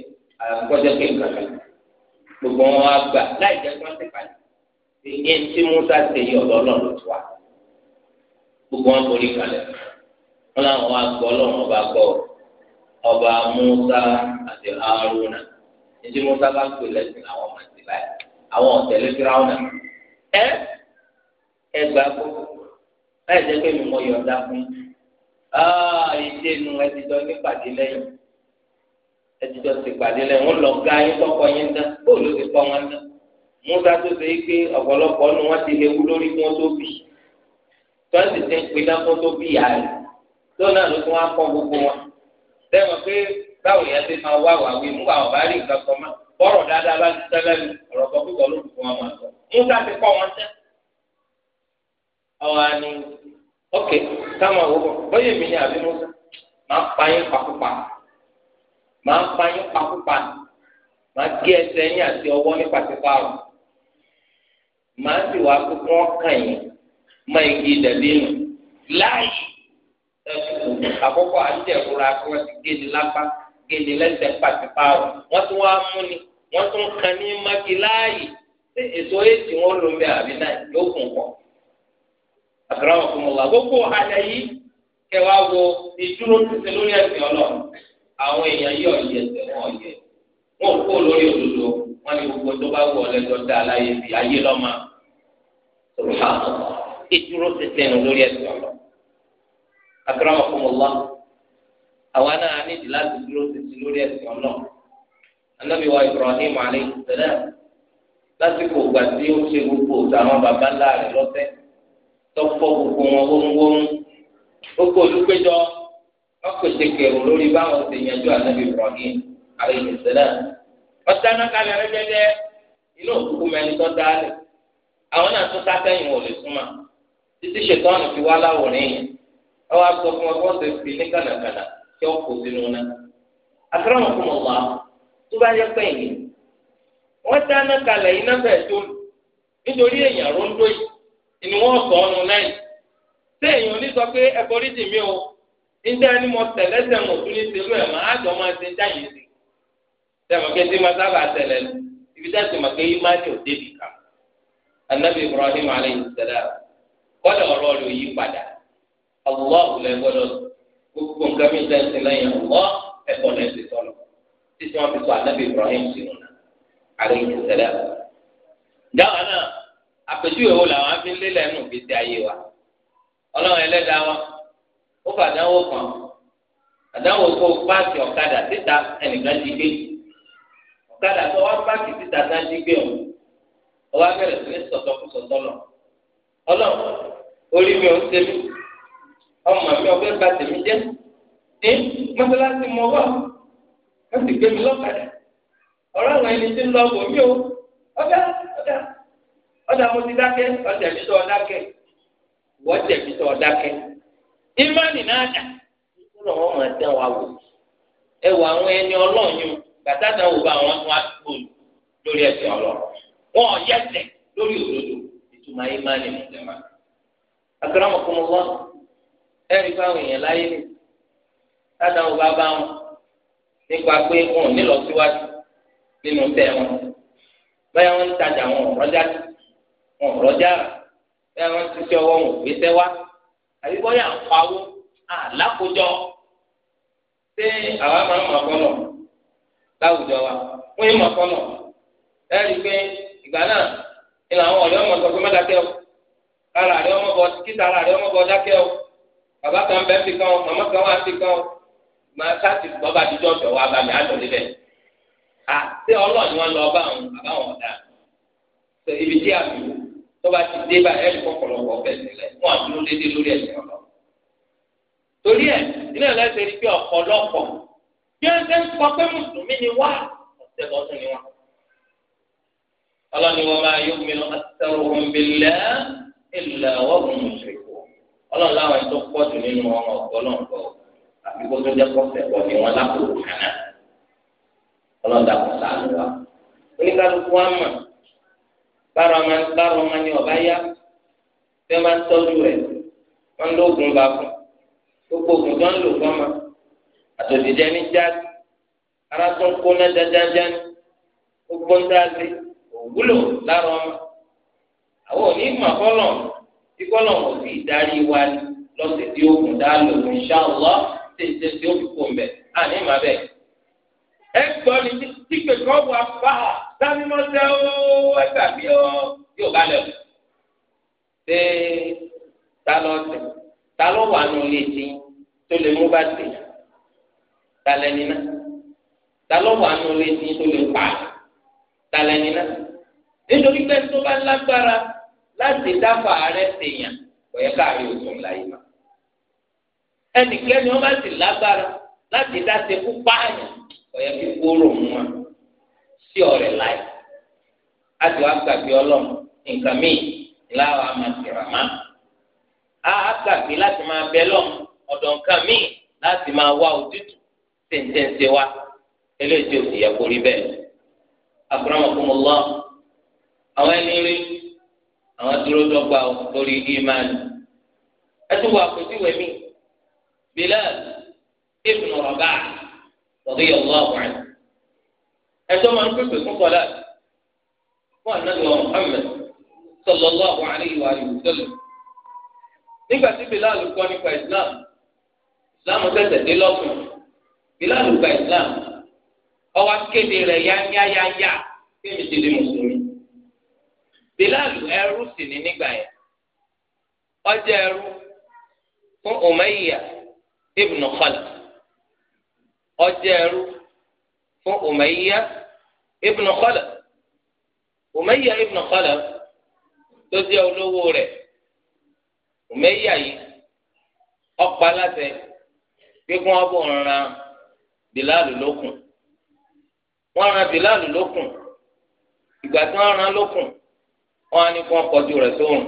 àkọ́jọ́ pé nǹkan kan gbogbo wọn wá gbà láì jẹ́ kí wọ́n ti pàdé ìyẹn tí musa ṣe yọ lọ́lọ́ lọ́tọ́ wọn làwọn wá gbọ́ ọlọ́run ọba gbọ́ ọba musa àti haruna ìdí musa bá pè lẹ́sìn àwọn ọmọ àti báyìí àwọn ọ̀tẹ̀lẹ̀ firawuna ẹ ẹ gbà kó láì jẹ́ pé mi mọ yọ̀ọ̀dá fún ah, ìdí inú ẹ ti jọ ní pàdé lẹ́yìn ẹ ti jọ ti pàdé lẹ́yìn wọn lọ ga yín tọkọ yín dán bóòlù ti kọ́ wọn dán musa tó ṣe é pé ọ̀pọ̀lọpọ̀ ọ̀nù wọn ti léwu lórí kí wọ́n tó bì tí wọ́n sì ti ń pin náà kó tó bì yá lónà ló tún wá kọ́ gbogbo wọn lẹ́wọ̀n pé báwo yẹn ti máa wá wàwí mú àwọn bá rí nǹkan kan mọ́ bọ́rọ̀ dáadáa bá ti tẹ́lẹ̀ mi ọ̀rọ̀ kan púpọ̀ ló fún wọn máa sọ musa ti kọ́ wọn sẹ́. ọ̀hún ni ok táwọn òwò bóyá èmi ni àbí musa máa pa yín pakúpa máa pa yín pakúpa máa gé ẹsẹ̀ yín àti ọwọ́ ní pàṣípààrọ̀ máa sì wá kó kí kàn yín máa igi dàbí nù láàyè ẹ̀sùn àkọ́kọ́ àjẹ̀rora kí wọ́n ti gé ni lápá gé ni lẹ́sẹ̀ pàṣípààrọ̀ wọ́n tún wá mú ni wọ́n tún kan ní mọ́kì láàyè ṣé èso èsì wọn ló ń bẹ àbí náà yóò kún pọ̀. àbúrò àwọn fún wa gbogbo àlẹ́ yìí kẹwàá wo ìdúró títí lórí ẹ̀sìn ọlọ́run àwọn èèyàn yìí ọ̀yẹ̀ ẹ̀sẹ̀ wọn ọ̀yẹ̀ wọn kó lórí òdodo wọn ni gbogbo tó bá wù ọ lẹ́jọ́ dá aláyé bí ayé lọ́mọ ìdúró títí lórí ẹ̀sìn ọlọ́run akramakumullah àwa náà nídìí láti dúró títí lórí ẹ̀sìn Ọlọ́run anabi wa Ibrahim alayhi salam lásìkò ìgbà tí ó ṣe gbogbo òtò àwọn baba ńlá rẹ̀ lọ́tẹ̀ tọpọ gbogbo wọn wóńwóń gbogbo olùpẹjọ wọn kò ṣe kẹrù lórí báwọn ṣe yanjú anabi Ibrahim alayhi salam wọn dáná kalẹ̀ rẹgbẹdẹ inú òkúkú mẹni tó dá lẹ àwọn náà tó tá sẹ́yìn wọlé súnmọ́ títí ṣètọ́nù fi wá láwòrán yẹn. ọwọ́ aṣọ fún ọ bọ́ọ̀sì fi ní kànàkànà tí ó kó sínú náà. fún ọ wá tó bá yẹ pé yìí wọ́n dáná kalẹ̀ iná bẹ́ẹ̀ tó nítorí èèyàn ròndó yìí sọ náà yìí. èèyàn ní sọ pé o níta ni mo ní máa jọ máa ṣe sí. máa sábà ibi tá sì máa débi kan. anabi Ibrahim alayhi yí padà. Allahu lẹ gbọ́dọ̀ gbogbo nǹkan mi sẹ ẹsẹ lẹ́yìn Allah ẹkọ sọlọ títí wọn fi sọ Ibrahim náà làwọn afi ń lé lẹ́nu ayé wa Ọlọ́run Ẹlẹ́dàá wa ó fà kan kó páàkì ọ̀kadà síta ẹnìkan ti gbé ọ̀kadà tó wá páàkì síta tá a ti gbé ọwọ́ abẹ́rẹ́ lọ Ọlọ́run orí mi ò ń ọmọ mi ọbẹ ba tèmi jẹ ní mọ́sálásí mọ wá ó sì gbé mi lọ́kadà ọ̀rọ̀ àwọn ẹni tí ń lọ bò mí o ọ̀dà ọ̀dà ọ̀dà mo ti ìmánì náà dà wọn máa àwọn ẹni ọlọ́ọ̀yún náà wò àwọn lórí wọn ẹ̀rí báwọn èèyàn láyé nì sádàwọn bá bá wọn nípa pé wọn ò ní lọ síwájú nínú tẹ wọn báyà wọn ń tajà wọn ọ̀rọ̀jà wọn ọ̀rọ̀jà báyà wọn ti ṣe ọwọ́ wọn òfin sẹ́wà àbí bọ́yà pawó àlákòjọ ṣé àwa máa ń mọ̀ ọ́nà láwùjọ wa wọ́n yé mọ̀ ọ́nà ẹ̀rí pé ìgbà náà ìlànà ọ̀rẹ́ ọmọ sọ pé má dákẹ́ o ara rẹ ọmọ bọ kíta ara rẹ ọmọ bọ dákẹ́ o bàbá kan bẹ́ẹ̀ fi kan màmá kan wá fi kan màá sáàtì bọ́ba àtijọ́ ọ̀dọ̀ wa bá mi àlọ́ níbẹ̀ à ṣé ọlọ́ọ̀ ni wọ́n lọ bá àwọn bàbá wọn ọ̀dà ṣe ibi tí àbí tó bá ti dé bá ẹ̀rí kọ̀kọ̀lọ̀kọ̀ bẹ́ẹ̀ sílẹ̀ wọ́n àdúró dédé lórí ẹ̀sìn ọ̀dọ̀ torí ẹ̀ ilé ẹ̀lẹ́sẹ̀ rí pé ọ̀pọ̀lọpọ̀ ọlọ́ni wọn máa yọ mí lọ àtẹ̀rù ọ̀hún bí lẹ́ ìlà wọ́n mú ṣèkú ọlọ́run láwọn ẹni tó pọ̀ jù nínú ọmọ ọ̀pọ̀lọpọ̀ àfi kó tó jẹ́ pọ́sẹ̀ pọ̀ ní wọn lápò kàná ọlọ́run dàpọ̀ sàánú wa oníkálukú wa mọ̀ bára ọmọ ni ọba yá fẹ́ máa ń tọ́jú rẹ̀ wọ́n ń lóògùn bá fún gbogbo oògùn tó ń lò fún ọmọ àtòjìjẹ ní jáde ara tó ń kóná jájájá ní gbogbo ń dáadé òwúlò lára ọmọ àwọn òní ìmọ̀ fọlọ́ọ̀ tí kọ́nà kò sí ìdarí wa lọ́sẹ̀ tí ó kùn dáàlò ìṣàlọ́ tètè tí ó fi kò mbẹ̀ àní má bẹ̀. ẹ gbọ́ ni tíkẹ̀ kọ́ wà fà sani mọ́ sẹ́ ó ẹ tàbí ó yóò bá lẹ̀ wò. ṣé ta lọ tẹ̀ ta lọ wà nù lè tó lè mú bá tẹ̀ ta lẹ́ni náà ta lọ wà nù lè tó lè pa ta lẹ́ni náà nítorí pé tó bá lágbára láti dáfà rẹ̀ sèèyàn kọ̀yẹ́ káàrí òtún láyé ma. ẹnikẹ́ni wọ́n bá sì lágbára láti dá sekú pààyàn kọ̀yẹ́ kí kóró mu wa sí ọ̀rẹ́ láyé. a ti wá gbàgbé ọlọ́run nǹkan míì láwa máa tẹ̀rà má. a á gbàgbé láti máa bẹ lọ́run ọ̀dọ̀ nǹkan míì láti máa wá ojútùú tẹ̀ǹtẹ̀ǹtẹ̀ wa eléyìí tí o sì yẹ kó rí bẹ́ẹ̀. àbúrò àwọn lọ àwọn ẹni rí. àwọn dúró dọ́gba lórí ìmáàlì ẹtù wà pẹ̀lú mi Bilal ibn Rabah radiyallahu anhu ẹtọ́ máa ń pèpè fún wa Muhammad sallallahu alayhi wa sallam nígbà tí kọ́ nípa Islam Islam tẹ̀sẹ̀ dé Islam kéde rẹ̀ yáyáyáyá mùsùlùmí. bilalu ẹrú sì ní nígbà yẹn ọjọ ẹrú fún umayya ibnu khalaf ọjọ ẹrú fún umayya ibnu khalaf umayya ibnu khalaf tó jẹ olówó rẹ̀ umayya yìí ọpa aláṣẹ gbígbọn ọbọ ọràn bilalu lókun wọn ràn bilalu lókun ìgbà tí wọn ràn lókun wọn á ní kí wọn kọjú rẹ̀ sóòrùn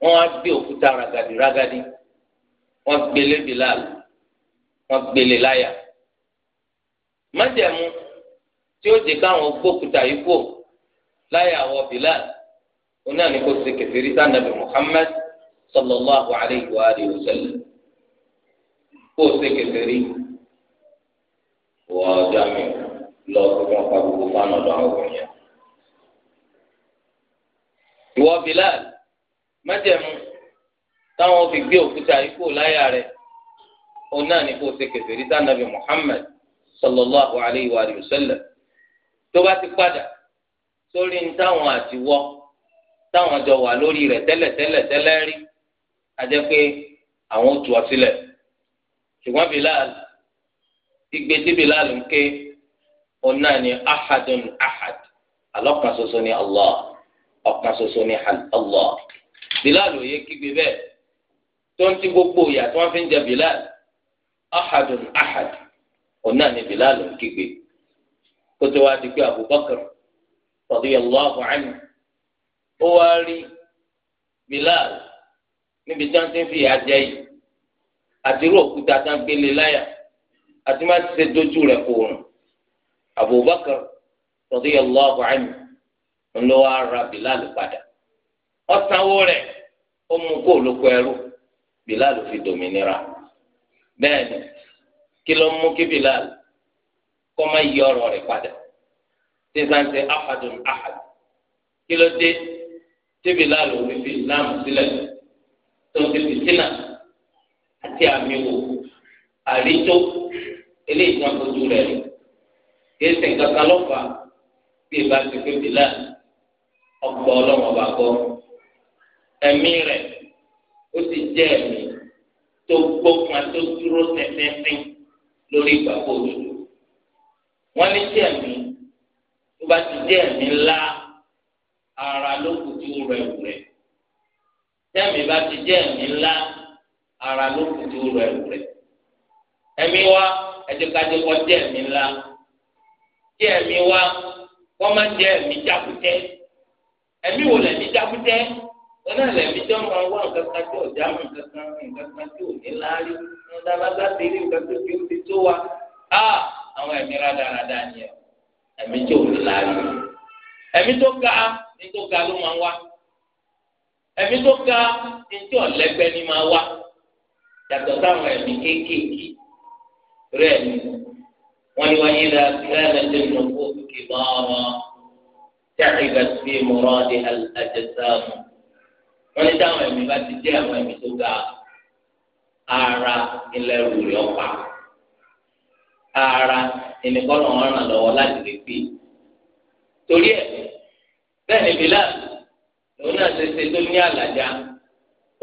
wọn á gbé òkúta ragadi ragadi wọn gbélé bilal wọn gbélé láyà májẹ̀mú tí ó jẹ káwọn gbókúta yìí kó láyà wọ bilal wọn náà ní kó ṣe kẹfìrí sànàbì muhammad sallallahu alayhi wa alihi wa sallam kó ṣe kẹfìrí wọ ọjọ́ mi lọ sí wọn pa gbogbo fáwọn ọ̀dọ́ àwọn ènìyàn ìwọ Bilal májẹ̀mú táwọn fi gbé òkúta ikú láyà rẹ̀ òun náà ní kó o ṣe kèfèrí sànàbì Muhammad sallallahu alayhi wa sallam tó bá ti padà sórí ní táwọn àtiwọ́ táwọn jọ wà lórí rẹ̀ tẹ́lẹ̀tẹ́lẹ̀ tẹ́lẹ̀ rí àjẹ́ pé àwọn ò tù ọ sílẹ̀ ṣùgbọ́n Bilal igbe tí Bilal ń ké òun náà ní ahadun ahad alọ́kan ṣoṣo ní Allah ọ̀kan ṣoṣo ní Allah Bilal ò yẹ kígbe bẹ́ẹ̀ tó ń ti gbogbo ìyà tí wọ́n fi ń jẹ Bilal ahadun ahad òun náà ni Bilal ń kígbe kótó wa di pé Abubakar radiyallahu anhu ó wá rí Bilal níbi tí wọ́n ti ń fi ìyà yìí àti irú òkúta tá gbélé láyà àti má ti ṣe dojú rẹ̀ kò rùn Abubakar radiyallahu anhu ńlọ wa bilal padà ọ̀sánwó rẹ̀ ó mú kó olóko ẹrú bilal fi dòmìnira bẹ́ẹ̀ ni kí ló mú kí bilal kọ́ máa yí ọ̀rọ̀ rẹ̀ padà tí sáńsẹ ahadun ahad kí ló dé tí bilal ò fi fi islam sílẹ̀ tó ti fi sínà àti àmì wò àrító eléyìí tí wọn fojú rẹ̀ rí kí ẹsẹ̀ kankan lọ́fà bí ìbá ti fi bilal ọgbọ Ọlọ́run ọba gbọ́ ẹ̀mí rẹ̀ ó sì jẹ́ ẹ̀mí tó gbókun àti tó dúró tẹtẹtẹ lórí ìgbàgbọ́ òdodo wọn ní jẹ́ ẹ̀mí tó bá ti jẹ́ ẹ̀mí ńlá ara ló kù tí ó rẹ wù rẹ tẹ̀mí bá ti jẹ́ ẹ̀mí ńlá ara ló kù tí ó rẹ wù rẹ ẹ̀mí wa ẹdíkadé kọ jẹ́ ẹ̀mí ńlá jẹ́ ẹ̀mí wa kọ má jẹ́ ẹ̀mí jákútẹ ẹ̀mí wo lẹ̀mí dákútẹ́ ọ̀nà lẹ̀mí tó ń wá nǹkan tí ọ̀já mọ̀ nǹkan nǹkan tí ò ní láárí ní ọ̀dà bá bá ti rí nǹkan tó fi ti tó wa á àwọn ẹ̀mí rádaràdà ni ẹ̀ ẹ̀mí tó ò ní láárí ẹ̀mí tó ga ní tó ga ló máa wá ẹ̀mí tó ga ní tí ọ̀lẹ́gbẹ́ ni máa wá yàtọ̀ sáwọn ẹ̀mí kéékèèké rẹ̀ ni wọ́n ní wáyé la kílẹ̀ lẹ́sẹ̀ ìnáwó kékeré تعبت في مرادها الأجسام wọ́n ní táwọn ẹ̀mí bá ti dé àwọn ẹ̀mí tó ga ara ilẹ̀ rúurì ọ̀pá ara ìnìkọ́nà ọ̀ràn lọ́wọ́ láti lè pè torí ẹ̀ bẹ́ẹ̀ ni bílà lòun náà ṣe ṣe tó ní àlàjá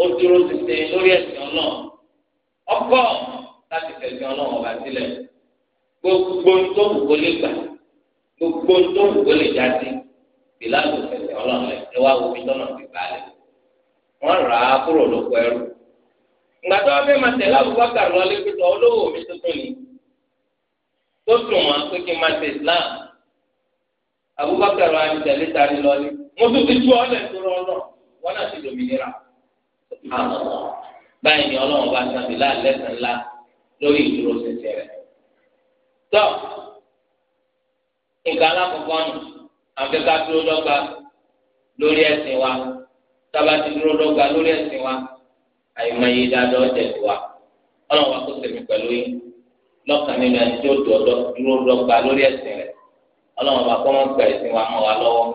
ó dúró ti ṣe lórí ẹ̀sìn ọlọ́run ọkọ̀ láti fẹ̀sìn ọlọ́run ọba sílẹ̀ gbogbo tó wù kó lè gbà gbogbo tó wù kó lè já sí bíláàlù fẹsẹ̀ ọlọ́run ẹ wá wo bí tọ́nà ti bá lẹ̀ wọ́n rà á kúrò lóko ẹrú ìgbà tó wọ́n fẹ́ máa tẹ̀lé Abubakar lọ́lé pẹ̀tọ́ olówó mi tuntun ni tó dùn wọn pé kí n máa tẹ Islam Abubakar wa ni tẹ̀lé tari lọ́lé mo tún ti tú ọlẹ̀ tó rọ lọ wọn náà ti dòmìnira báyìí ni ọlọ́run bá san bíláàlù lẹ́sàn-án ńlá lórí ìdúró ṣẹṣẹ rẹ̀ tọ́ nǹkan alákọ̀ọ́kọ́ nù àgbẹ̀ká dúró dọ́gba lórí ẹ̀sìn wa sábà ti dúró dọ́gba lórí ẹ̀sìn wa àyùmáyé dáadọ́ tẹ̀sí wa ọlọ́run wa kó sèmi pẹ̀lú yín lọ́kàn nínú ẹni tí ó dúró dọ́gba lórí ẹ̀sìn rẹ̀ ọlọ́run wa kọ́ mọ́ gba ẹ̀sìn wa mọ́ wa lọ́wọ́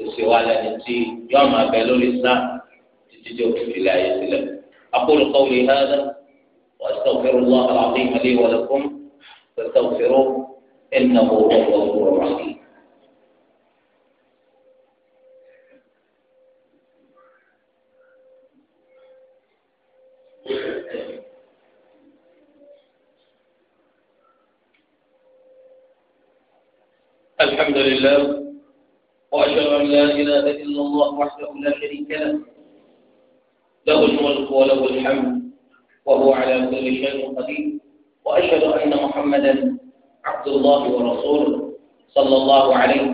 òsì wa lẹni tí yọ ọmọ abẹ lórí islam títí tí o fi fi láàyè sílẹ̀ aqulu qawli hadha wa astaghfirullaha al-azim لله وأشهد أن لا إله إلا الله وحده لا شريك له له الملك وله الحمد وهو على كل شيء قدير وأشهد أن محمدا عبد الله ورسوله صلى الله عليه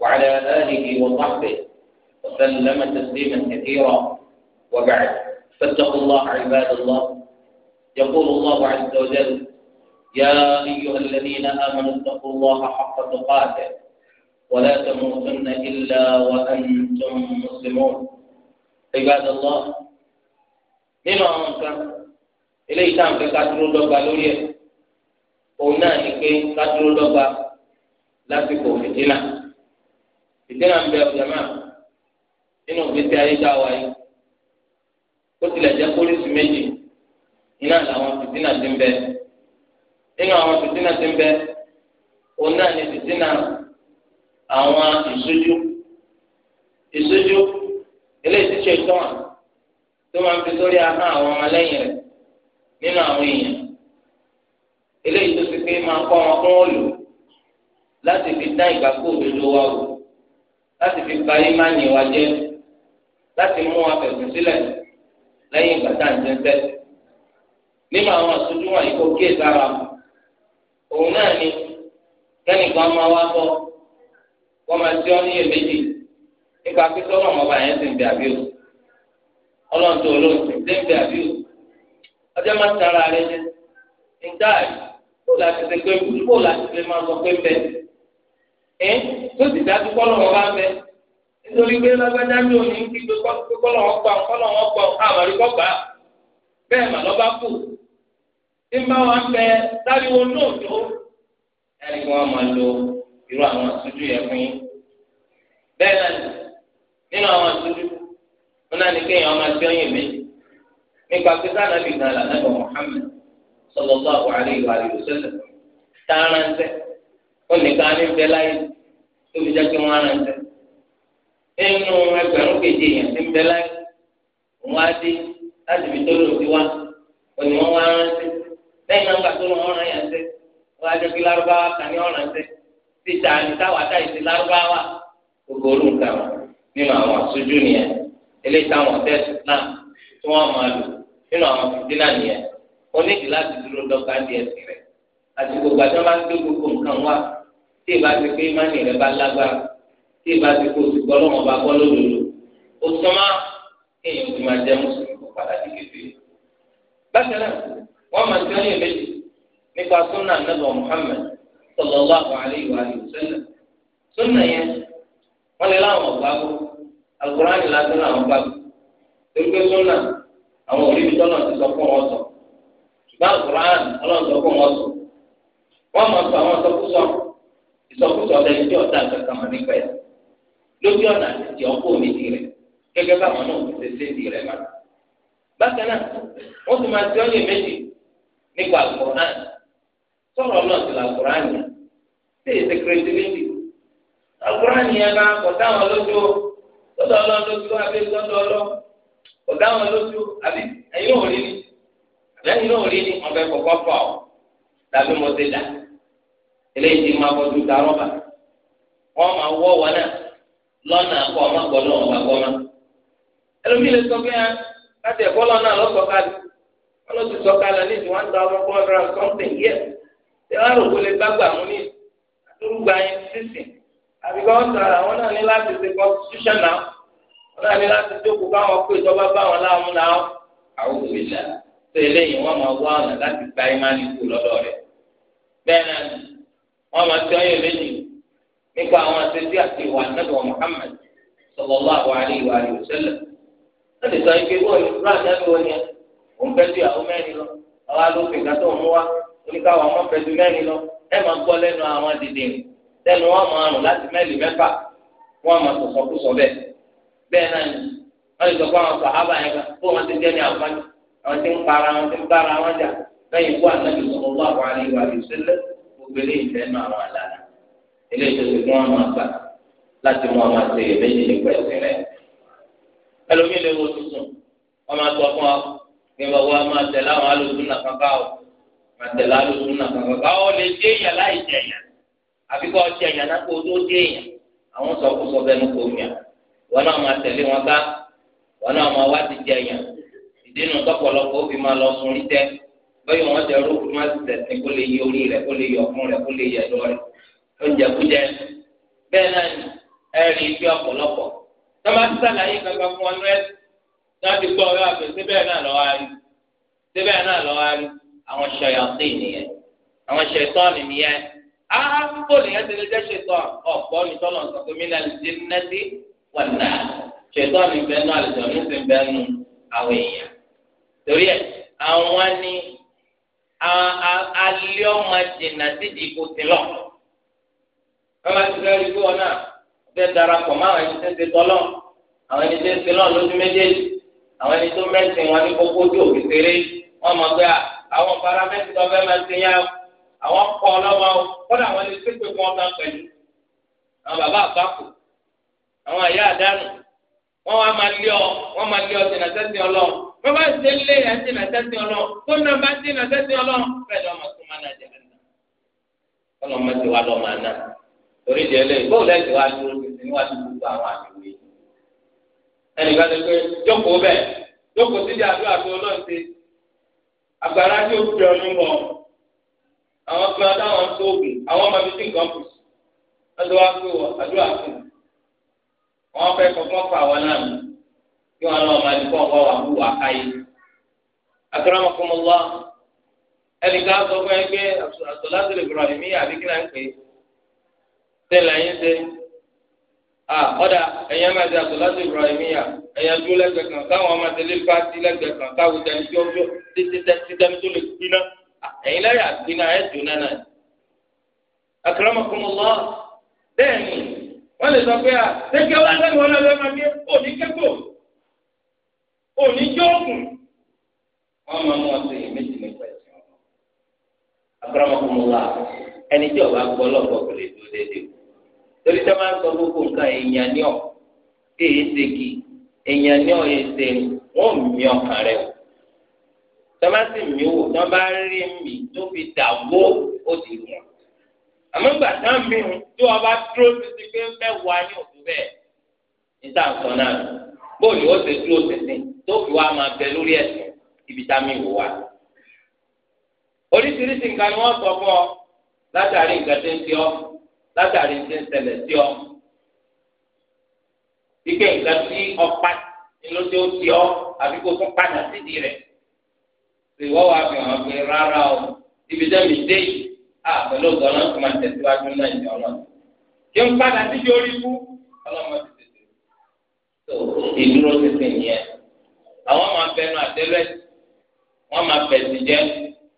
وعلى آله وصحبه وسلم تسليما كثيرا وبعد فاتقوا الله عباد الله يقول الله عز وجل يا أيها الذين آمنوا اتقوا الله حق تقاته ولا تموتن إلا وأنتم مسلمون عباد الله nínú àwọn nǹkan eléyìí tá à ń fẹ́ ká dúró dọ́gba lórí ẹ̀ òun náà ni pé ká dúró dọ́gba lásìkò fìdínà fìdínà ń bẹ ọ̀jọ̀mọ́ nínú gbèsè ayé tá a wáyé ó tilẹ̀ jẹ́ pólísì méjì iná làwọn fìdínà ti ń bẹ nínú àwọn fìdínà ti ń bẹ òun náà ni fìdínà. àwọn ìṣojú ìṣojú eléyìí ti ṣe tán tó máa ń fi sórí ahọ́n àwọn ọmọlẹ́yìn rẹ̀ nínú àwọn èèyàn eléyìí tó pé máa fi dá ìgbàgbọ́ òdodo wa wò láti fi ba ìmánì wa jẹ́ láti mú wa fẹ̀sùn sílẹ̀ lẹ́yìn ìgbà tá à ń jẹ́ bẹ́ẹ̀ nínú àwọn àṣojú wọ̀nyí kò òun náà ni kẹ́nìkan máa wá wọ́n máa tí ọ ní èméjì nípa pé sọ́nà ọmọba yẹn ti ń bẹ àbí o ọlọ́run tó olóhùn ti ń bẹ àbí o ọjọ́ máa tara rẹ jẹ ń dáàrí kó láti ṣe pé kó láti ṣe máa sọ pé ń bẹ ẹ tó dájú bá ń bẹ nítorí pé lágbájá bẹ́ẹ̀ mà lọ́ba kù ń irú àwọn aṣojú yẹn fún yín bẹ́ẹ̀ náà nínú àwọn aṣojú wọn náà ní kéèyàn ọmọ nípa Muhammad sallallahu alaihi wa ó ní láyé tó fi kí nínú ẹgbẹ̀rún dé láti fi lòdì wá òní wá lẹ́yìn náà gbà tó títa ní táwa táyì sí lárúbáwá gbogbo orú nǹkan wọn nínú àwọn aṣojú nìyẹn eléyìí táwọn tẹ́sí náà tí wọ́n máa lò nínú àwọn fìdínà nìyẹn ó nídìí láti dúró dọ́gba díẹ̀ sí rẹ̀ àti gbogbo àti wọn bá ń gbé gbogbo nǹkan wá tí ìbá ti pé mánì rẹ̀ bá lágbára tí ìbá ti kó oṣù gbọ́ lọ́wọ́ bá gbọ́ lódodo ó súnmọ́ kéèyàn ti máa jẹ́ mùsùlùmí kó padà di kékeré. bákan náà wọ́n máa ń tẹ́lẹ̀ méjì nípa súnà nàbọ̀ Muhammad sallallahu alaihi wa sallam sunna yẹn wọn lè ọgbà gbó alukurani lásán làwọn gbà gbó torí pé sunna àwọn òrìbí tọ́nà ti sọ fún wọn sọ ṣùgbọ́n alukurani ọlọ́run sọ fún wọn sọ wọn máa sọ àwọn sọkúsọ ìsọkúsọ lẹ́yìn wọn náà máa. bákan náà máa tí èsì kìrìtìlìtì àkùránì yẹn náà kò dáhùn lójú lọ́dọ̀ ọlọ́dọ́jú àbí lọ́dọ̀ ọlọ́ kò dáhùn lójú àbí ẹ̀yin ò ni àbí ẹ̀yin ò ni ọ̀bẹ kọ̀kọ́ fà ọ́ tàbí mo ti dà eléyìí ti ta rọ́bà túrúgba yẹn sísì àbíkọ́ sọ̀rọ̀ àwọn náà ní láti ṣe constitution náà wọ́n náà ní láti jókòó káwọn pé ìjọba bá wọn láwọn náà àwọn òwe là ṣe eléyìí wọ́n máa wá ọ̀nà láti gba kú lọ́dọ̀ rẹ̀ bẹ́ẹ̀ náà máa méjì nípa àwọn àti ìwà wa alihi wasallam wọ́n ti sọ ike bọ́ọ̀lù fúlàní àti wọn yẹn òun fẹ́ ju àwọn ẹ máa gbọ́ lẹ́nu àwọn dìde lẹ́nu wọn máa rùn láti mẹ́lì mẹ́fà wọn máa sọ̀sọ̀ kú sọ bẹ́ẹ̀ bẹ́ẹ̀ náà ni wọ́n lè sọ fún àwọn sàhábà yẹn kó wọ́n ti jẹ́ ní àwọn ti ń para ti ń bára wọn jà ikú àtàkì sọ̀rọ̀ wà wà ní ìwà àwọn fún wọn máa àtẹlẹ alùpùpù náà kankan báwo lè dé èèyàn láì jẹ èèyàn àfi kọ́ ọtí èèyàn náà kó o tó dé èèyàn àwọn sọkúsọ bẹnu kò mìà wọn náà máa tẹ̀lé wọn ká wọn náà máa wá ti jẹ èèyàn ìdínú tọpọlọpọ òbí máa lọ sun orí tẹ bẹ́ẹ̀ wọ́n jẹ rúkú má ti tẹ̀sìn kó lè yí orí rẹ̀ kó lè yọ ọkùn rẹ̀ kó lè yẹ ẹ̀dọ́ rẹ̀ oúnjẹ kújẹ bẹ́ẹ̀ náà ni ẹ rí ibi ọ̀pọ̀lọpọ̀ tọ́ba ti sàlàyé kankan fún ọ náà ti gbọ́ ọ̀rọ̀ àgbẹ̀ síbẹ̀ náà àwọn ṣọyàtì nìyẹn àwọn ṣẹtọ́ọ̀nì nìyẹn áá púpọ̀ nìyẹn ti lè jẹ́ ṣẹtọ́ọ̀n ọ̀pọ̀ nìtọ́lọ̀ ń sọ pé mí lẹ́nu ti nẹ́tí wọ̀n náà ṣẹtọ́ọ̀nì bẹ́ẹ̀ náà àlejò ní ti bẹ́ẹ̀ nu àwọn èèyàn torí ẹ̀ àwọn ni alẹ́ ọmọ jìnnà sídìí kò sí lọ bàbá ti fẹ́ rí wọn náà fẹ́ darapọ̀ mọ́ àwọn ẹni tó ń ṣe tọ́lọ́ àwọn ẹni tó ń ṣe lọ́ọ̀ lójú méjèèjì àwọn ẹni tó mẹ́sìn wọn ní kókó tó òfin àwọn paramẹ́tì tó fẹ́ máa ti yá àwọn kọ́ ọlọ́mọ kọ́dà àwọn ilé sípè fún ọgbà pẹ̀lú àwọn bàbá àbákò àwọn àyà àdánù wọ́n wá máa lé ọ wọ́n máa lé ọ sí nàtẹ́sí ọlọ́ wọ́n bá ṣe lé yà sí nàtẹ́sí ọlọ́ tó nà bá sí nàtẹ́sí ọlọ́ bẹ́ẹ̀ ni wọ́n máa tún máa nà jẹ́ ẹ̀dá ọlọ́mọ ti wá lọ́ọ́ máa nà torí ìdí ẹlẹ́yìn bóòlù ẹ̀ ti wá dúró níwájú gbogbo àwọn àdúgbò yìí ẹnì kan ti pé jókòó bẹ́ẹ̀ jókòó síbi àdúrà tó lọ́ọ̀ agbára tí ó fi ọdún mọ àwọn kan táwọn sóògùn àwọn ọmọ bíi nǹkan kù lọ́dọ̀ wá pé àdúrà fún wọn fẹ́ kọ́kọ́ fà wọn náà mú kí wọn lọ́ọ́ máa dìbò ọ̀pọ̀ wà wúwo àkáyé. akramakumullah ẹnì kan sọ fún ẹ pé àtọ̀lá tó lè gbọ́dọ̀ àmì àbí kí náà ń pè é tẹ́lẹ̀ ẹ̀yin ṣe ọ̀dà ẹ̀yin máa ṣe àtọ̀lá tó Ibrahimiya ẹ̀yin dúró lẹ́gbẹ̀ẹ́ kan káwọn ọmọ tẹ̀lé fásitì lẹ́gbẹ̀ẹ́ kan káwọn ìjà ní tí ó títẹ́mí tó lè gbiná ẹ̀yin lẹ́yìn àgbiná ẹ̀ dùn náà náà. akramakumullah bẹ́ẹ̀ ni wọ́n lè sọ pé à ṣéke wá lẹ́nu wọn lọ́wọ́ máa gé òní kẹ́kọ̀ọ́ òní jókòó wọ́n máa mú ọtí méjì nípa ẹ̀sìn ọ̀nà. akramakumullah ẹni tí ọba gbọ́ lọ́gbọ̀ kò lè dúró déédéé torí tí máa ń sọ gbogbo nǹkan èèyàn ní ọ̀ èèyàn ní ọ̀ èèyàn ní ọ̀ èèyàn ní ọ̀ wọ́n mì ọkàn rẹ̀ wò tọ́másì mi wò tọ́ bá rí mi tó fi dà wó ó ti wọ̀. àmọ́ gbà tán mi hù tí wọ́n bá dúró títí pé mẹ́wàá ní òtún bẹ́ẹ̀ níta sọ náà bóòlù ó ti dúró títí tó fi wá máa bẹ lórí ẹ̀sìn ibi tá mi wò wá. oríṣiríṣi nǹkan ni wọ́n sọ fún ọ látàrí nǹkan tó ń ti ọ látàrí nǹkan tó ń ṣẹlẹ̀ sí ọ. ike nǹkan tí ọ pa ni ló ti ó ti ọ àbí kó tún padà sídìí rẹ̀ ìwọ wa fi hàn pé rárá o ibi jẹ́ mi dé yìí a pẹ̀lú ọ̀gá náà kò máa tẹ̀síwájú náà ìjọ náà kí n padà síbi orí kú ọlọ́mọ ti tètè tó ìdúró tètè nìyẹn àwọn máa bẹnu àtẹlẹ wọn máa bẹsì jẹ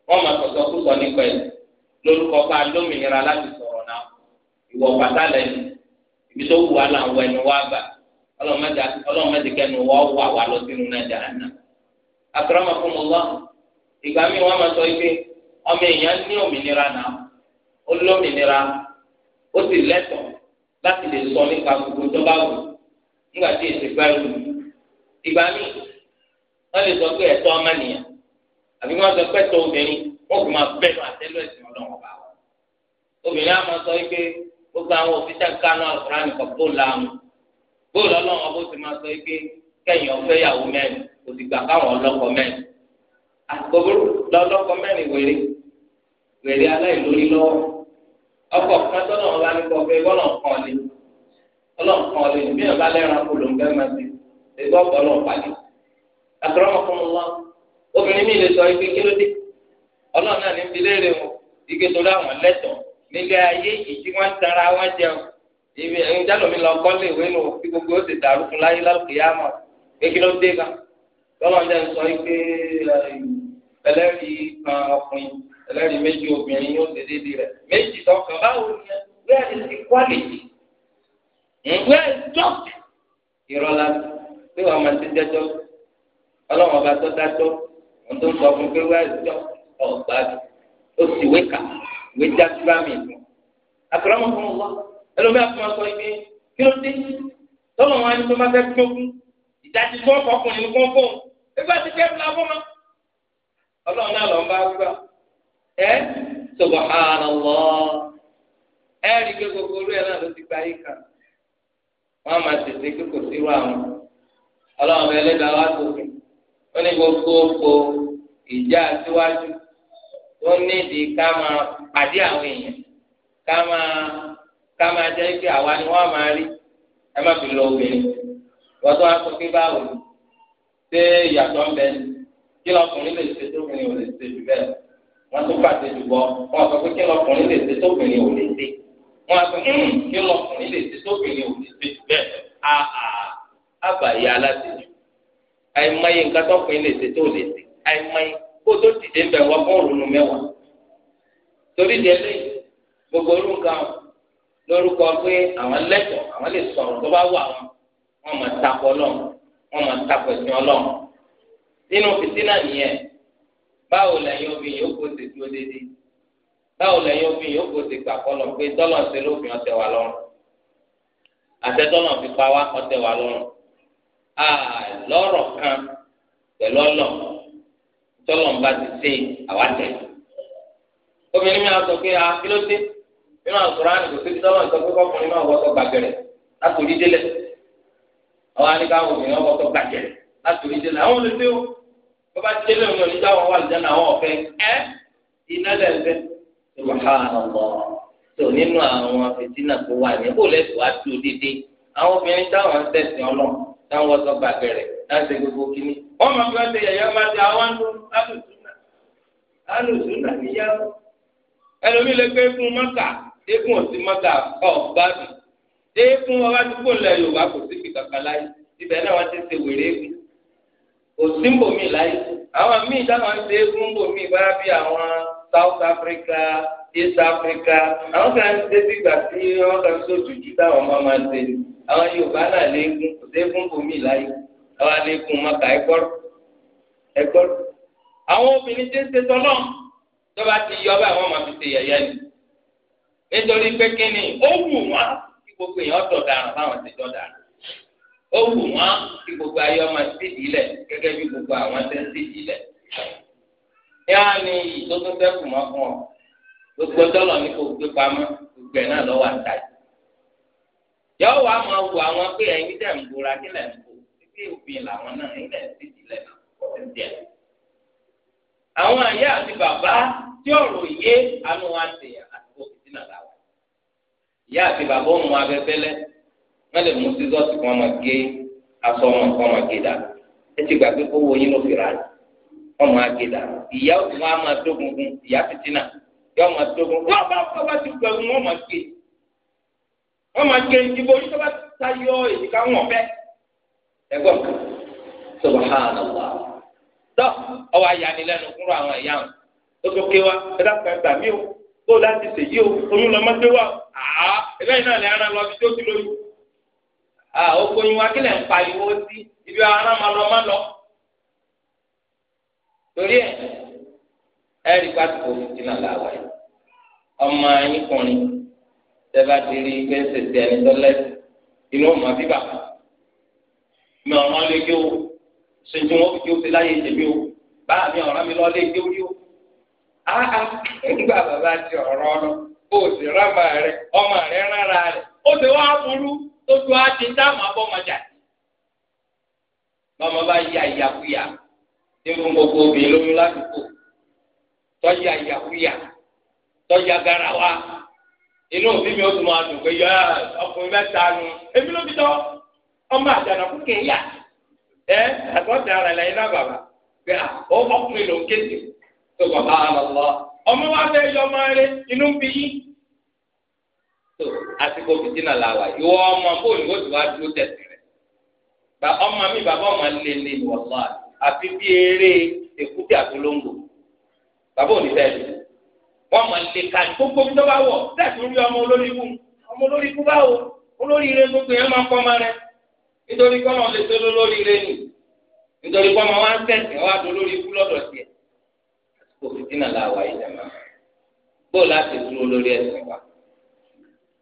wọn máa sọsọ kúsọ nípa ẹ lórúkọ bá lómìnira láti sọ̀rọ̀ náà ìwọ bàtà lẹ́nu ibi tó wù wá là ń wá bà ọlọ́mọdé kẹnu wọ́ wà wà lọ sínú náà jà ánà àkàrà máa fún mi wá ìgbà míì wọ́n máa sọ pé ọmọ èèyàn ní òmìnira náà ó lómìnira ó sì lẹ́tọ̀ọ́ láti lè sọ nípa gbogbo tó bá wù nígbà tí èsì gbá lù ìgbà míì wọ́n lè sọ pé ẹ̀tọ́ ọmọnìyàn àbí wọ́n sọ pé ẹ̀tọ́ obìnrin wọ́n kò máa bẹ̀rù àtẹ́lẹ̀ ẹ̀sìn ọlọ́run ọba wa obìnrin á máa sọ pé gbogbo àwọn òfìsà kánú àkùrá nìkan tó làánú bóòlù ọlọ́run ọba ó ti máa sọ pé kẹ́yìn ọ̀fẹ́ yàwó mẹ́rin òsìgbà káwọn ọlọ́kọ mẹ́rin àgbọ̀bọ̀rù lọ́lọ́kọ mẹ́rin wèrè wèrè aláìlórí lọ́wọ́ ọkọ̀ kan tọ́nà ọ̀la ní kọ́ fẹ́ bọ́lọ̀ kan lé bọ́lọ̀ kan lé bí ẹ̀ bá lẹ́ran kó ló ń bẹ́ máa ti ẹgbẹ́ ọ̀pọ̀lọ̀ pàdé àtọ́rọ́ mọ̀ fún wọn obìnrin mi lè sọ ibi kí ló dé ọlọ́run náà ní fi léèrè wọn ike torí àwọn lẹ́tọ̀ọ́ nílé ayé yìí tí wọ́n tara wọn jẹun ibi ẹ̀yin jálòmí lọ kọ́ lè wélo bí gbogbo ó ti dàrú fún láyé lálùkù yá mọ̀ pé kí ló dé gan lọ́lọ́run náà sọ ibi ẹlẹ́rìí kan ọkùnrin ẹlẹ́rìí méjì obìnrin yóò ṣe déédéé rẹ̀ méjì tọkàn báwo ni where is the quality where is talk ìrọ̀lá pé wàá máa ti jẹ́jọ́ ọlọ́run ọba tó dájọ́ òun tó ń sọ fún pé where is talk ọ̀gbá ó sì wéka ìwé jáde bá mi ìlú àkàràmọ́ fún wa ẹlòmíà fún wa sọ ibi kí ló dé tọ́lọ̀ wọn ni tó máa fẹ́ gbógun ìdájí tó ọkọ̀ ọkùnrin ni wọ́n ọlọ́run náà lọ́n bá gbà ẹ́ subhanallah ẹ́ rí i pé gbogbo olú ẹ̀ náà ló ti gba yìí kan wọ́n á máa tètè pé kò sí ọlọ́run bẹ́ẹ̀ lẹ́dàá wá sókè ó ní gbogbo oko ìjà síwájú ó nídìí ká máa pàdé àwọn èèyàn ká máa ká máa jẹ́ pé àwa ni wọ́n máa rí ẹ kí lọkùnrin lè ṣe tóbìnrin ò lè ṣe jù bẹ́ẹ̀ wọ́n tún pàṣẹ jù bọ́ wọ́n sọ pé kí lọkùnrin lè ṣe tóbìnrin ò lè ṣe wọ́n sọ hmm, kí lọkùnrin lè ṣe tóbìnrin ò lè ṣe jù bẹ́ẹ̀ àà àbàyè aláṣejù àìmọye nǹkan tọkùnrin lè ṣe tó lè ṣe àìmọye kó tó dìde ń bẹ̀ wọ́n fún òrùn mẹ́wàá torí délé gbogbo olùkà lórúkọ pé àwọn lẹ́tọ̀ọ́ àwọn lè sọ̀rọ̀ tó bá wà wọn wọ́n máa takọ ọlọ́run wọ́n máa takọ ẹ̀sìn ọlọ́run nínú fìtínà nìyẹn báwo lẹ́yìn obìnrin yóò kó ti dúró déédéé báwo lẹ́yìn obìnrin yóò kó ti gbà kọlọ pé tọlọ ṣe lófin ọtẹ wà lọ́rùn àtẹtọlọ fi pa wá ọtẹ wà lọ́rùn a lọ́rọ̀ kan pẹ̀lú ọlọ tọlọ ń bá ti ṣe àwátẹ obìnrin mi àtọ pé a kí ló dé nínú àkùrọ àná kò síbi tọlọ ìtọ pé kọkùnrin máa wọ ọkọ gbàgẹrẹ látòrí délẹ̀ àwọn àníkàwọ obìnrin ọkọ gbàgẹrẹ látòrí dé náà àwọn olùgbé o bàbá ti délé ọmọ níjà wọn wà lùdá náà àwọn ọ̀fẹ́ ẹ iná lẹ́ẹ̀fẹ́ subhanallah tó nínú àwọn fìtínà tó wà ní kó lẹ́sùn wá tó àwọn obìnrin táwọn ń tẹ̀sìn ọlọ́run táwọn sọ gbàgẹ̀rẹ̀ láti gbogbo kínní wọ́n máa fẹ́ ṣe yẹ̀yẹ́ máa ṣe àwọn alùsùnà níyàwó ẹlòmíì lè gbé fún mọ́kà dékun òsì mọ́kà ọ̀gbádùn dékun ọba kò lẹ̀ yorùbá kò sí fi kàkà láyé ibẹ̀ náà wọ́n ti ṣe wèrè ébi kò símbò mi láyé àwọn míì dáhùn ń ṣe fúnbò mi báyà bí àwọn South Africa East Africa àwọn kan ń ṣe sígbà tí wọn kan ṣe òjòjú táwọn máa máa ṣe àwọn Yorùbá náà léegun kò ṣe fúnbò mi láyé àwọn àlékún mọ́ka ẹ̀kọ́rọ̀ ẹ̀kọ́rọ̀ àwọn obìnrin tí ń ṣe tọ́lọ́ tó bá ti yọ bá àwọn máa fi ṣe yẹ̀yẹ́ ni nítorí pé kínní ó wù wá kí gbogbo èèyàn tọ̀ dànù báwọn ti tọ̀ dànù ó wù wọ́n kí gbogbo ayé ọmọ sídìí lẹ̀ gẹ́gẹ́ bí gbogbo àwọn tẹ́ sídìí lẹ̀. yá ni ìtótó fẹ́kù mọ́ fún ọ gbogbo tọ́lọ̀ ní kò gbé pamọ́ gbogbo ẹ̀ náà lọ́wọ́ àtà yìí. yọ wà á máa wù àwọn pé ẹ̀yin tẹ̀ ń bora kí lẹ̀ ń bò títí òfin làwọn náà ẹ̀yin tẹ̀ ń sídìí lẹ̀ náà àwọn àyà àti bàbá tí ọ̀rọ̀ yé àánú wa ń tèèyàn àti wọ́n lè mú sísọ́ọ̀sì kan máa gé aṣọ wọn kan máa gé dà ẹ ti gbàgbé kówó yín ló fi rà ní wọ́n máa gé dà ìyá òtún wọn á máa tó gungun ìyá fitinà yóò máa tó gungun wọ́n bá wọ́n bá ti gbẹ̀rù wọn máa gé wọ́n máa gé ìdìbò yín tó bá ta yọ èyí ká wọ́n fẹ́ ẹgbọ́n subhanallah tó ọwọ́ ayanilẹ́nu kúrò àwọn ẹ̀yà wọn tó tó ké wa ẹ dákun ẹgbà mí o kó o láti o oyún lọ́mọdé wa àá ẹlẹ́yìn náà lè ara lọ oko yín wá kílẹ̀ ń pariwo sí ibi ara máa lọ máa lọ. torí ẹ ẹ rí pásítọ̀ fìtínà làwà yìí ọmọ yín kùnrin tẹ́lá ti rí pé ṣèṣe ẹni tó lẹ́sìn inú ọmọ bíbà mi ọ̀ràn lè jó o ṣe tí wọ́n fi jó láyé ìṣèlú o bá mi ọ̀ràn mi lọ́ọ́ lè jó rí o. áá nígbà bàbá ti ọ̀rọ̀ ọ lọ kó o sì rámà rẹ ọmọ rẹ rárá rẹ ó ti wá burú. tójú á ti dáhùn abọ́mọjà lọ́mọ bá ya ìyàkúyà nínú gbogbo obìnrin lóyún ládùúgbò tọ́jà ìyàkúyà tọ́jà garawa inú òbí mi ó tún máa dùn pé yọ ọkùnrin mẹ́ta nu èmi ló fi ọmọ àjànà kó kéèyà ẹ àtọ́jà náà bàbá pé ọkùnrin ló ń kéde tó bàbá àlọ́ ọmọ wa fẹ́ yọ ọmọ rẹ inú bí yín. àsìkò fìtínà là wà ìwọ ọmọ fóònù ó ti wá dúró tẹsí rẹ bá ọmọ mi bàbá ọmọ lè lè ní wàhálà àfi bí eré èkúté àtolóńgò bàbá òní tẹsí wọn mọ lè ka gbogbo tó bá wọ tẹsí orí ọmọ olórí ikú ọmọ olórí ikú báwo olórí ire gbogbo yẹn máa ń kọ́ ọmọ rẹ nítorí kọ́ ọmọ lè tó lórí ire nì nítorí kọ́ ọmọ wa ń tẹ̀sí wa dó lórí ikú lọ́dọ̀ tiẹ̀ àsìkò fìtínà là wà ìjàmbá bóòlù àti dúró lórí ẹ̀sìn wa.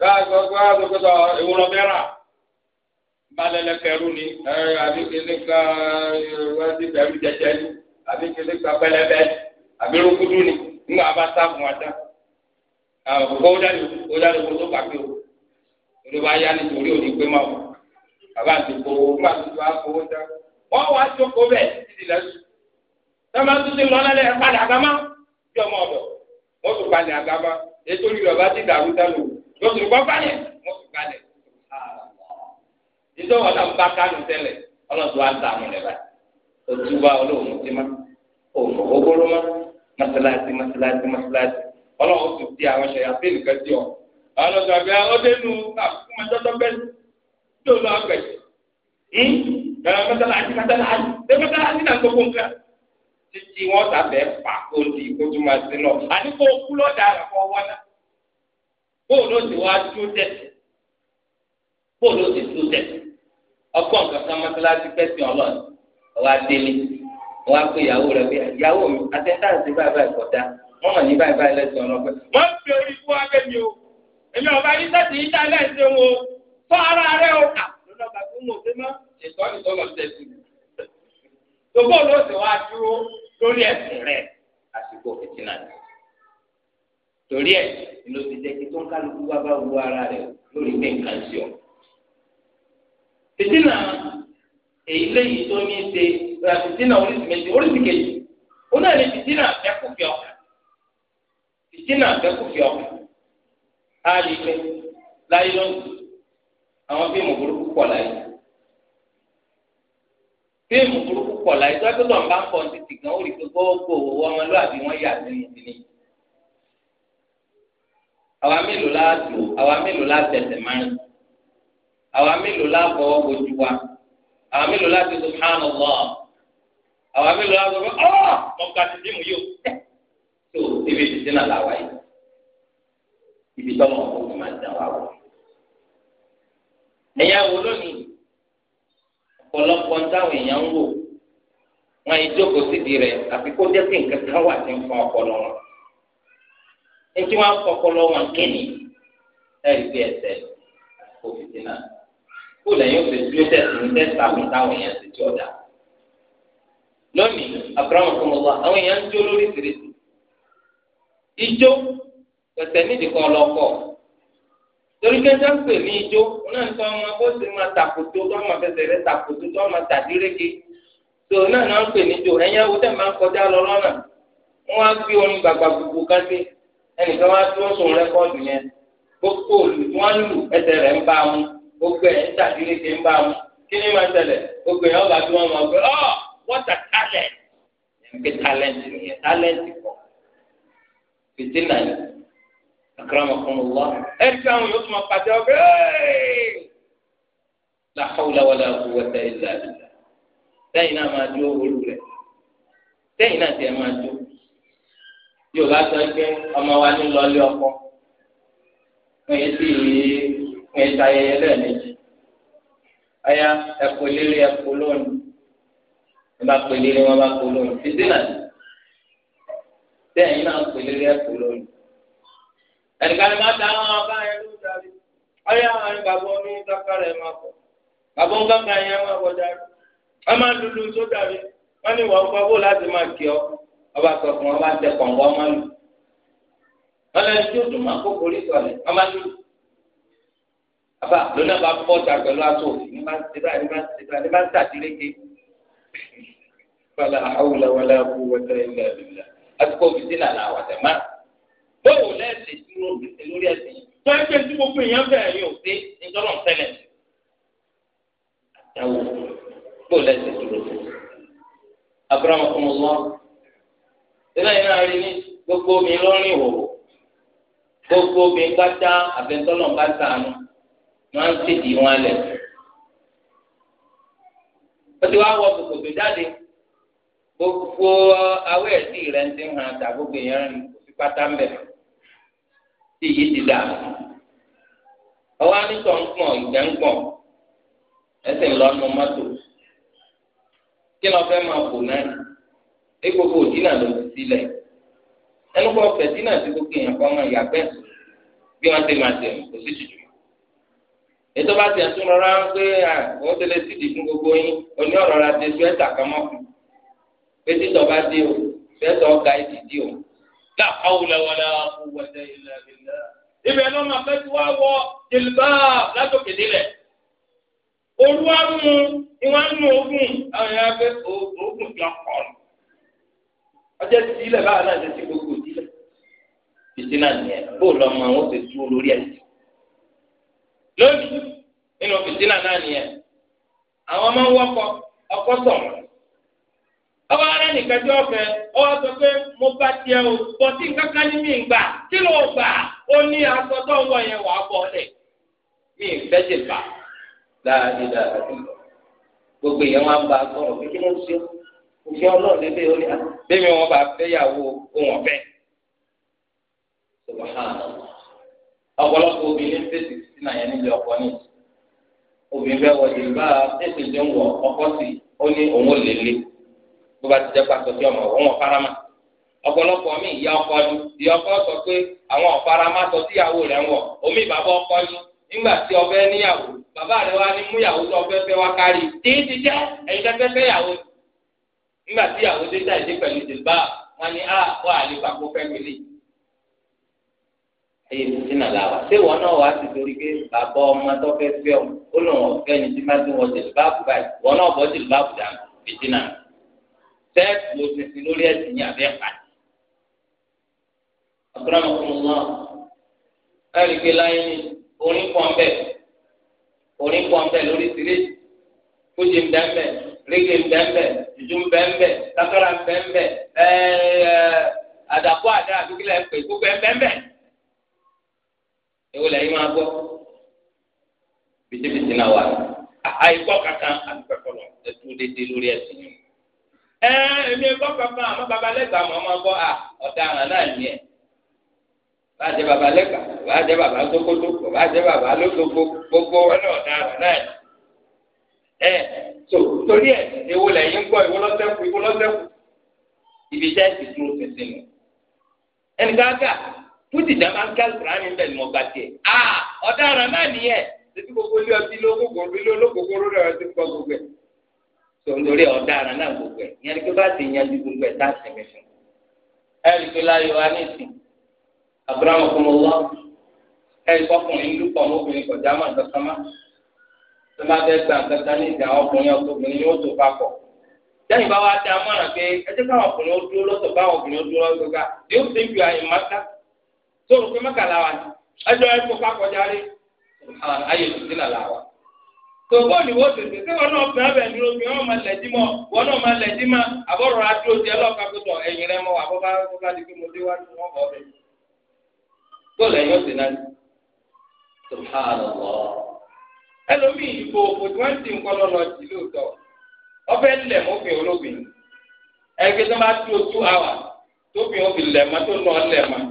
káàkó káàkó kó sọ ìwúlọ mẹ́rà balẹ̀lẹ̀ kẹrù ni àbí kele ka wáṣí kẹrù jẹjẹ ni àbí kele ka pẹlẹbẹ àbí rúkúdú ni ńgbà bá sá fún wa dá àkókò ó dálé ó dálé kó tó pàkí o torí wá yá ni torí òní gbé máa wò bàbá àti kòwò ńgbà tó tó àkówó dá wọn wá jókòó bẹ́ẹ̀ títí lẹsùn tọ́mọ tó ti lọ lálẹ́ ẹ̀ padà àgámá bí ọmọ ọ̀dọ̀ wọ́n tún padà àgámá ètò ìrọ̀bá ti dàrú dánù wò lóṣù kọ́ balẹ̀ wọ́n fi balẹ̀ ìjọ wọn náà bá kánú tẹ́lẹ̀ ọlọ́dún wa ta àmì rẹ̀ báyìí òtúbà olóòmù ti má òmù ogoro má masalasi masalasi masalasi ọlọ́run tó ti àwọn ṣẹ̀yà sí nìkan tí ọ ọlọ́dún àbí ọdẹnu ah, àfikún ah, mẹtọ́tọ́ bẹ́ẹ̀ tó lọ àgbẹ̀jẹ̀ masalasi masalasi ṣé masalasi náà gbogbo nǹkan títí wọn tàbẹ̀ pa kó di kó tó máa sí lọ àníkó kú lọ́dà àràkọ́ wọn náà bóòlù ó sì wá dúró tẹ̀sí bóòlù ó sì dúró tẹ̀sí ọkọ nǹkan kan mọ́sálásí pẹ́sìn ọlọ́ọ̀ni ọwá délé ọwá pé ìyàwó rẹ pé ìyàwó mi àtẹ́ńtàǹsì báyìí báyìí kọjá wọ́n mọ̀ ní báyìí báyìí lẹ́sìn ọlọ́pẹ́ wọ́n fi orí fún wa bẹ́ẹ̀ ni o èmi ọba ní sẹ́sì yíta lẹ́sìn o fọ́ ara rẹ o kà lọ́dọ̀ bàbá mo ṣe mọ́ ètò ìtọ́lọ̀ tẹ̀sí tó bóòlù ó sì wá dúró lórí ẹ̀sìn rẹ torí ẹ ló ti jẹ kí tó ń kálukú wá bá wu ara rẹ lórí pé nǹkan sí ọ. fìtínà èyí léyìí tó ní í ṣe ra fìtínà oríṣi méjì oríṣi kejì ó náà ní fìtínà fẹkùfẹ ọkàn fìtínà fẹkùfẹ ọkàn á rí i pé láyé lọ́nà àwọn fíìmù burúkú pọ̀ láyé fíìmù burúkú pọ̀ láyé tó ẹgbẹ́ tó ń bá ń pọ̀ títì gan ó rí i pé gbogbo ọmọlúwàbí wọn yà sínú sí ni àwa mélòó la dò àwa mélòó la tẹsẹ̀ márùn àwa mélòó la fọwọ́ bojú wa àwa mélòó la ti subhanallah àwa mélòó la sọ pé ọ mọ ká ti dìmú yóò tó ibi títí náà la wáyé ibi tọ́mọ̀ ọ̀hún máa dá wa wọ̀ ẹ̀yà wo lónìí ọ̀pọ̀lọpọ̀ ń táwọn èèyàn ń wò wọn ìjókòó sídìí rẹ̀ àfi jẹ́ sí nǹkan kan wà tí ń ètí wọn kọkọlọ wọn kéènì ẹrí pé ẹsẹ kò fìdí náà kó lẹ́yìn òfin dúró tẹsí ní tẹsí àwọn táwọn èèyàn ti tí ọdà lónìí àbúrò fún mi wá àwọn èèyàn ń jó lórí ìsirísi ijó pẹsẹ nídìí kan lọkọ torí kẹjọ ń pè ní ijó náà nípa ọmọ bó ṣe máa tàkòtò tó máa fẹsẹ̀ rẹ̀ tàkòtò tó máa tàdíreke tó náà náà ń pè ní ijó ẹ̀yẹ́wò tẹ̀ máa ń kọjá lọ lọ́nà wọ́n á gbé orin gbàgbà gbogbo ká ẹnìkan wá tó ń sọ rẹ́kọ́ọ̀dù yẹn gbogbo olù wọn lù ẹsẹ̀ rẹ̀ ń bá mu gbogbo ẹ̀ ń tàdílé ṣe ń bá mu kí ni máa gbogbo ọba tí oh, what a talent ẹ̀ talent nìyẹn talent kọ̀ fìdí náà ni àkàràmọ̀ kan ló wá ẹ̀ yóò tún máa pàṣẹ yóò bá sọ pé ọmọ wa ní lọlé ọkọ wọn yé sí wọn yé ta ayẹyẹ lẹ́ẹ̀mejì ọyá ẹ̀kọ́ lérí ẹ̀kọ́ lónìí wọn bá pè lérí wọn bá kó lónìí títí náà bẹ́ẹ̀ yín náà pè lérí ẹ̀kọ́ lónìí ẹnìkan ni ta àwọn ọba yẹn ló darí ọyá àwọn bàbá omi kankan rẹ máa bọ bàbá omi kankan yẹn máa bọ darí wọn máa dúdú sódà rí wọn ní wọn gbọ́ bó láti máa kí ọ ọba sọ fún wọn bá ń tẹ kọ̀ǹgọ́ ọmọ lù lọ́lẹ́ tí ó dùn máa kókó orí sọ̀lẹ̀ ọmọ lù àbá lónà bá bọ́ ta pẹ̀lú aṣọ òfin ní bá ń ṣe báyìí ní bá ń ṣe báyìí ní bá ń ṣàtìlẹ́kẹ́ fọlá àwùlà wọlé àbú wọlé ilẹ̀ òfin sí nàlà àwàtẹ̀ má bóyá ò lẹ́sẹ̀ dúró lórí ẹ̀sìn tó ẹgbẹ́ gbogbo èèyàn bẹ̀rẹ̀ yóò dé ìjọ́nà tẹ́lẹ̀ àtàwọn bóyá ò lẹ́sẹ̀ dúró Abraham kọ́mọ́ sílẹ̀ yìí náà rí ní gbogbo mi lọ́rìn ìhòòhò gbogbo mi pátá àfẹsọ́nà bá sànù máa ń tètè wọn lẹ̀. ó ti wá wọ kòkòtò jáde gbogbo awé ẹ̀sì rẹ ń ti hàn tà gbogbo èèyàn rìn pátá ń tí ti dà. ọwọ́ anítọ̀ ń pọ̀ ìgbẹ́ ń pọ̀ ẹsẹ̀ mọ́tò kí ni fẹ́ sílẹ̀ ẹnu kọ́ fẹ̀tínà tí gbogbo èèyàn kọ́ máa yàgbẹ́ bí wọ́n ti máa tẹ̀wọ̀n kò sí tìjú ètò bá tiẹ̀ tún rọra ń pé àwọn tẹ̀lé sídìí fún gbogbo yín oní ọ̀rọ̀ la ti suẹ́tà kan mọ́kùn pé títọ́ bá dé o suẹ́tà ọ̀gá ìdí dé o la hawla wala quwwata illa billah ibẹ̀ ló máa fẹ́ tí wá wọ jìlbá látòkè délẹ̀ olúwa mú ìwọ̀n nù ogun àwọn yàrá fẹ́ ogun tó kọ̀ ọ́ ọjọ́ ti ile báwa náà ti ti gbogbo ìdílé títí náà nìyẹn bóòlù ọmọ àwọn ti dúró lórí nínú fìtínà náà nìyẹn àwọn ọmọ wọkọ ọkọ sọ̀rọ̀ ọwọ́ ara nìkan tí wọ́n fẹ́ sọ pé mo bá o ní mi gbà kí ló gbà ó ní aṣọ tó ń yẹn wàá mi fẹ́ dáadáa gbogbo ìyẹn wọn ìṣe ọlọ́ọ̀dẹ ó ní à bẹ́ẹ̀ mi wọ́n bá fẹ́yàwó ohun ọ̀fẹ́. ọ̀pọ̀lọpọ̀ obìnrin fèsì sí nàyẹn nílé ọkọ ní obìnrin wọ fèsì ọkọ sí ó ní òun ò lè lé tó bá ti jẹ́ pàtó ọmọ òun mi ìyá ọkọ ni ìyá ọkọ sọ pé àwọn sọ síyàwó rẹ̀ ń wọ̀ omi ọkọ ni nígbà tí ọbẹ̀ níyàwó bàbá rẹ̀ wá ní múyàwó tó ọbẹ̀ jẹ́ ẹ̀yin nígbà tí àwọn dẹ́tà ìdí pẹ̀lú ìdìbà wọn ni a ah, wà á lè papò fẹ́mi lè. ayé mi ti nà la wa ṣé wọn náà wà á ti torí pé bàbá ọmọ tó fẹ́ fẹ́ ọ ó lọ wọn fẹ́ ni tí má ti wọ dìbà kù báyìí wọn náà bọ́ dìbà kù dà fìdí nà. sẹ́ẹ̀tì ló ti sin lórí ẹ̀sìn ní abẹ́ pàdé. àbúrò àwọn ọmọ wọn ẹ̀rí pé láyé ni orin pọ̀ lórí ìjú ń bẹ́ńbẹ́ kákàrà ń bẹ́ńbẹ́ àdàpọ̀ àdá àdúgbò ẹ̀ pé gbogbo ẹ̀ bẹ́ńbẹ́. ewu lẹ́yìn máa gbọ́ bìtìbìtì náà wà àìgbọ́ kankan àdúgbò ẹ̀tú dédé lórí ẹ̀sìn yìí. ẹ ẹ̀mí ẹ̀gbọ́ kankan àmọ́ babalẹ́gbàá mọ̀ ọmọ gbọ́ à ọ̀daràn náà ni ẹ̀ bàjẹ́ babalẹ́gbàá bàjẹ́ baba sókótó bàjẹ́ baba lóṣogbo gbogbo ọ̀nà ọ̀daràn náà ni ẹ tó torí ẹ èwo lẹ́yìn ń gbọ́ ìwọ lọ́sẹ̀kù ìwọ lọ́sẹ̀kù ibi jẹ́ ti dúró tẹ̀sí nù ẹnìkan gà fúti dàmà ń ká kúránì ń bẹ̀ ni mo gbà tiẹ̀ a ọ̀daràn náà nìyẹn títí gbogbo ilé ọtí ló gbogbo ilé olókòkò lórí ọtí gbọ́ gbogbo ẹ̀ tó nítorí ọ̀daràn náà gbogbo ẹ̀ ìyẹn ni pé bá ti yanjú gbogbo ẹ̀ tá a sẹ̀mí fún ẹ̀ rí i pé láyọ̀ wa ní ìsìn àbúrò àwọn ọkùnrin wọn ẹ̀ rí i pọ́kùnrin lúpọ̀ ọmọkùnrin kọjá máa dọ́kọ́ máa. tó bá fẹ́ gbà kankan ní ìdá ọkùnrin ọkùnrin ni ó tó papọ̀ lẹ́yìn bá wa dá mọ́ra pé ẹ káwọn ọkùnrin ó dúró lọ́sọ̀ káwọn ọkùnrin ó dúró lọ́sọ̀ ká do you think you are in tó ni ẹjọ́ ẹ tó papọ̀ járe ayé ìdílé ni tètè náà máa náà máa mọ́ àbọ̀rọ̀ adúró ẹ̀yìn rẹ ẹlòmíì ìbò òkò tí wọ́n ti ń kọ́ lọ́lọ́ sí lóòótọ́ ọbẹ̀ lẹ̀ mọ́fìn olóbìn ẹgbẹ́ tó máa tó two hours tóbi òfin lẹ̀ mọ́ tó lọ lẹ̀ mọ́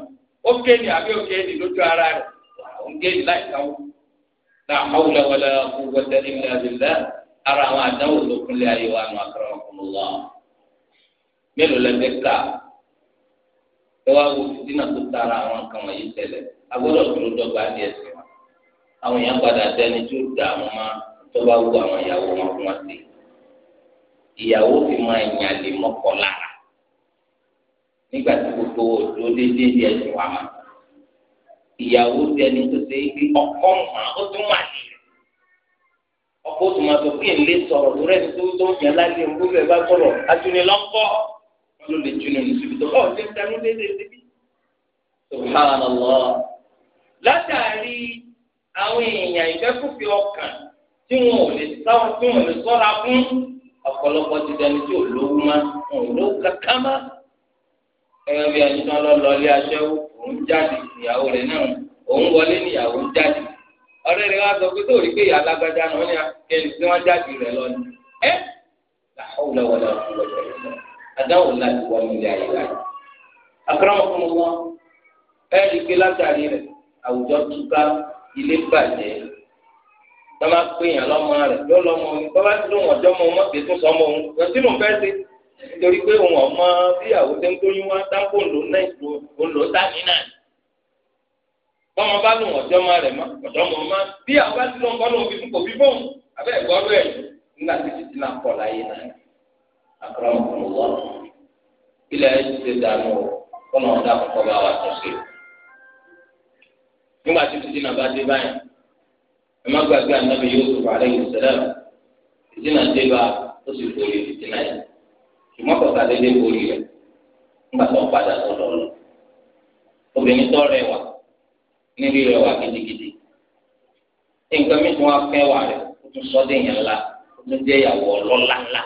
ó kéde àbí lójú ara rẹ̀ ó kéde láì sáwọ́ náà hawla wala ara àwọn àdáwò ayé wa nù mélòó ẹ wá tó tara àwọn ní àwọn èèyàn padà dẹni tó dààmú má tó bá wù àwọn ìyàwó wọn fún wọn sí ìyàwó fi máa yàn lè mọ́kọ lára nígbà tí gbogbo òdo déédéé di ẹ̀sìn wa ma ìyàwó dẹni tó ṣe é pé ọkọ mà ó tún wà ní ọkọ tó máa sọ pé ń lè sọ̀rọ̀ tó rẹ tó tó yàn lálẹ́ ń gbọ́dọ̀ bá sọ̀rọ̀ atúnilọ́kọ́ wọn ló lè tún ní síbi tó ọ ṣe tẹnu déédéé síbi. subhanallah látàrí àwọn èèyàn ìfẹ́kùfẹ́ ọkàn tí wọn ò lè sáwọn tí wọn ò lè sọ́ra fún ọ̀pọ̀lọpọ̀ ti dẹni tí ò lówó má ò lówó kankan má. ẹ̀yọ́ bí ẹni tán lọ lọlé aṣẹ́wó òun jáde ìyàwó rẹ̀ náà òun wọlé níyàwó jáde. ọ̀rẹ́ rẹ̀ wá sọ pé tó rí pé ìyá alágbájá náà ní akẹ́ni tí wọ́n jáde rẹ̀ lọ ni. ẹ́ làwọn ò lọ́wọ́ adáwò láti wọ nílé ayé láyé akérèmọkùnrin wọn ẹ ẹ ilé bàjẹ́ tọ́ba péyàn lọ́mọ rẹ̀ yọ lọ́mọ mi tọ́ba tí lóun ọjọ́ mọ ọmọ tètè sọmọ òun lọ́sí lòun fẹ́ ṣe nítorí pé òun ọmọ bíyàwó tẹ́ ń tóyún wá táǹkó ńlò náà ńlò tání náà tọ́mọ bá lòun ọjọ́ mọ rẹ̀ mọ ọjọ́ mọ ọmọ bíyàwó bá tí lóun kọ́ lóun fi fún kò fi fóun abẹ́ ẹ̀gbọ́ rẹ̀ nígbà tí títí náà kọ̀ láyé náà àkàrà nígbà tí fìdí náà bá dé báyìí ẹ má gbàgbé ànábì Yusuf alayhi salam fìdí náà dé bá ó sì borí fìdí yìí ṣùgbọ́n kọ̀ọ̀kan dédé borí nígbà tó ń padà lọ. obìnrin tó níbi gidigidi nǹkan mi tún wá fẹ́wà rẹ̀ ó tún sọ déyàn ńlá ó tún jẹ́ ìyàwó ọlọ́lá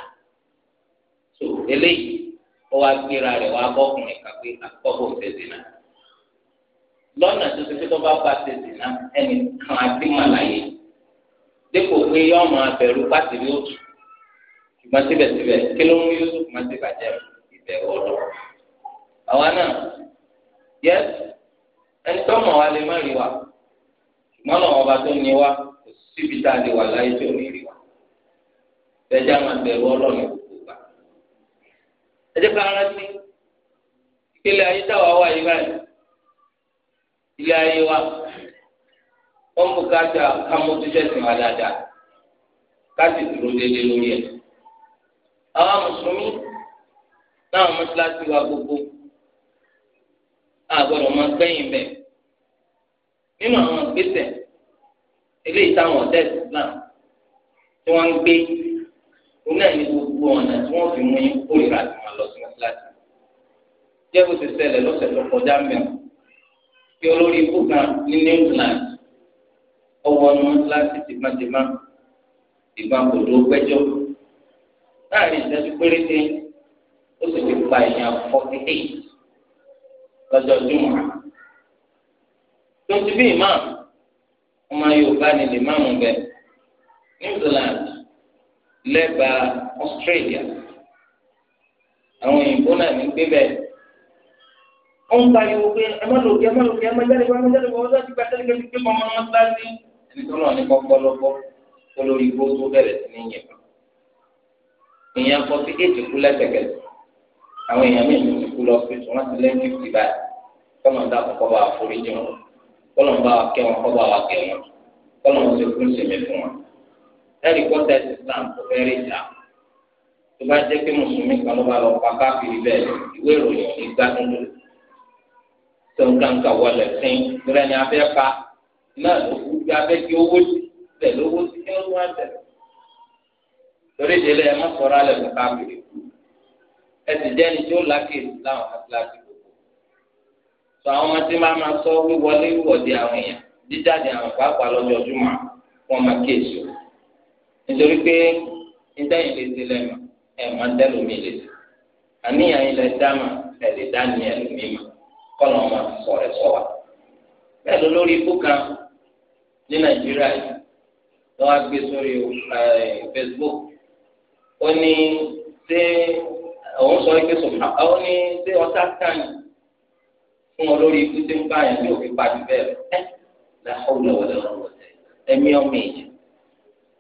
so eléyìí ó wá gbéra rẹ̀ wá kàgbé àkọ́kọ́ lọ́nà tó ti fi tó bá bá ti dìnnà ẹnì kan adémàláyé dípò pé yọ máa bẹ̀rù bátìrì òtù ṣùgbọ́n síbẹ̀síbẹ̀ kí ló mú Yusuf má ti bàjẹ́ ìbẹ̀rù ọ̀dọ́. àwa náà yẹ ẹni tó mọ̀ wá lè má rí wa ṣùgbọ́n náà ọba tó ní wa kò síbi tá a lè wà láyé tó ní rí wa. ẹjẹ́ máa bẹ̀rù ọlọ́run gbogbo gbà. ẹ ká rántí ìpele ayé táwa wà yí báyìí ilé ayé wa wọn mú kájà kámójútẹsìn wa dáadáa káàsì dúró déédéé lórí ẹ àwọn mùsùlùmí náà mọ́sálásí wa gbogbo àgbọ̀dọ̀ máa gbẹ̀yìn bẹ́ẹ̀ nínú àwọn ìgbésẹ̀ eléyìí táwọn ọ̀dẹ́ Islam tí wọ́n ń gbé òun náà ní gbogbo ọ̀nà tí wọ́n fi mú kórìíra tí wọ́n lọ sí mọ́sálásí jẹ́ bó ti ṣẹlẹ̀ lọ́sẹ̀ tó kọjá mẹ́rin tí olórí ikú kan ní New Zealand ọwọ́ ọmọ láti tìmátìmá ìbá kò tó gbẹ́jọ́ láàrin ìṣẹ́jú péréte ó sì ti pa èèyàn forty eight lọ́jọ́ jùmọ̀ tó ti bí ìmáàmù ọmọ Yorùbá ni lè máàmù bẹ New Zealand lẹ́bàá Australia àwọn òyìnbó náà ní gbé bẹ́ẹ̀ ń pa ìwò pé ẹ má lòkè ẹ má lòkè ẹ má jáde ẹ má jáde wọ́n sọ́ọ́ ti gba tẹ́lẹ̀ kẹ́kẹ́ pé mọ́mọ́ wọn láti. ẹni tó náà ní kọ́kọ́ lọ́kọ́ kó lórí igbó tó bẹ̀rẹ̀ sí ní yẹn. èèyàn kọ sí éèdì kú lẹ́sẹ̀kẹsẹ̀ àwọn èèyàn méjì ti kú lọ sí wọn ti lẹ́yìn fífi báyìí kọ́lọ́n tó bá jẹ́ pé mùsùlùmí kan ló bá lọ pa káfíìrì bẹ́ẹ̀ ìwé ìròyìn ìgbà tó lò tó ń kàǹkà wọlé sí rẹ̀ ní abẹ́ pa náà ló kú bí abẹ́ kí owó sí bẹ̀ lówó sí kí wọ́n wá tẹ̀. torí délé ẹ má sọ̀rọ̀ alẹ́ fún káfíìrì kú ẹ sì jẹ́ ẹni tí ó lákèé láwọn afúlásì gbogbo. sọ àwọn ọmọ tí máa máa sọ wíwọlé wíwọ̀de àwọn èèyàn jíjáde àwọn pàápàá lọ́jọ́júmọ́ wọn máa kéèsì o nítorí pé nítorí lè ti lẹ́nu ẹ̀ máa dẹ́lu mi lè àníyàn ilẹ̀ dáma ẹ̀ lè dá ní ẹlòmíì mọ́ kọ́nà ọmọ sọ rẹ̀ sọ wa. bẹ́ẹ̀ ló lórí ikú kan ní nàìjíríà yìí lọ́wọ́ gbé sórí Facebook ó ní ṣé òun sọ pé sọ̀rọ̀ ó ní ṣé ọ̀tá kàn fún wọn lórí ikú tí ń bá yẹn ní òfin pàdé bẹ́ẹ̀ ẹ́ làwọn ọ̀dọ́ ẹ̀mí ọmọ èjì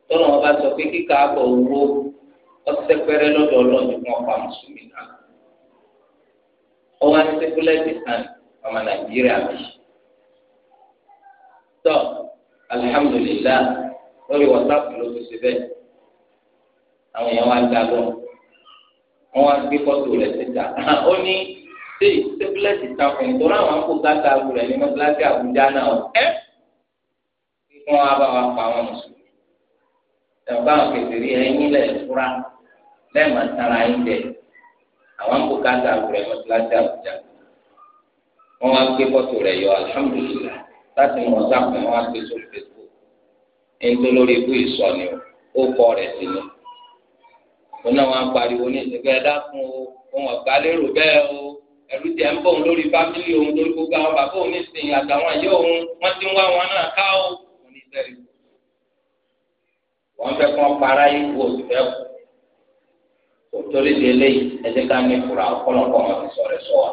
tọ́lọ́ wọn bá sọ pé kíkà àbọ̀ owó ọ̀sẹ̀ pẹ́rẹ́ lọ́dọ̀ ọlọ́ọ̀dún wọn pa mùsùlùmí ọwọ́ ní sẹ́kúlẹ́tì kan ọmọ nàìjíríà bí. tọ́ alihamudulilá lórí wọ́sáàpù ló ti ṣe bẹ́ẹ̀ àwọn èèyàn wá dá lọ wọ́n wá gbé kọ́tù rẹ̀ síta ó ní ṣé sẹ́kúlẹ́tì kan fún un tó ráwọn kó gáàsà àbú rẹ̀ ní mọ́tíláṣí àbújá náà ẹ́ kí wọ́n wá bá wa pa àwọn mùsùlùmí ẹ̀fọ́ àwọn kẹsìrì ẹ̀yìn lẹ̀ fúra lẹ́ẹ̀mọ́ tara ẹ̀ ń àwọn kò káńtà rẹ̀ mọ́tíláṣí àbújá wọ́n wá gbé fọ́tò rẹ̀ yọ alhamdulillah láti mọ̀ sáfún wọn wá gbé sórí facebook ẹni tó lórí ikú ìsọ̀ni ó kọ́ rẹ̀ sí ni òun náà wọn pariwo ní ìsìnkú ẹ̀dá fún o òun ọ̀gá lérò bẹ́ẹ̀ o ẹ̀rú tiẹ̀ ń bọ̀ òun lórí fámìlì òun lórí gbogbo àwọn bàbá òun nísìnyí àtàwọn ẹ̀yẹ òun wọ́n ti ń wá wọn náà ká o òun ní sẹ́yìn wọ́n fẹ́ kọ́ para òsì fẹ́ kù torí di eléyìí ẹjẹ ká ní ìfura ọ̀pọ̀lọpọ̀ máa fi sọ̀rọ̀ sọ wa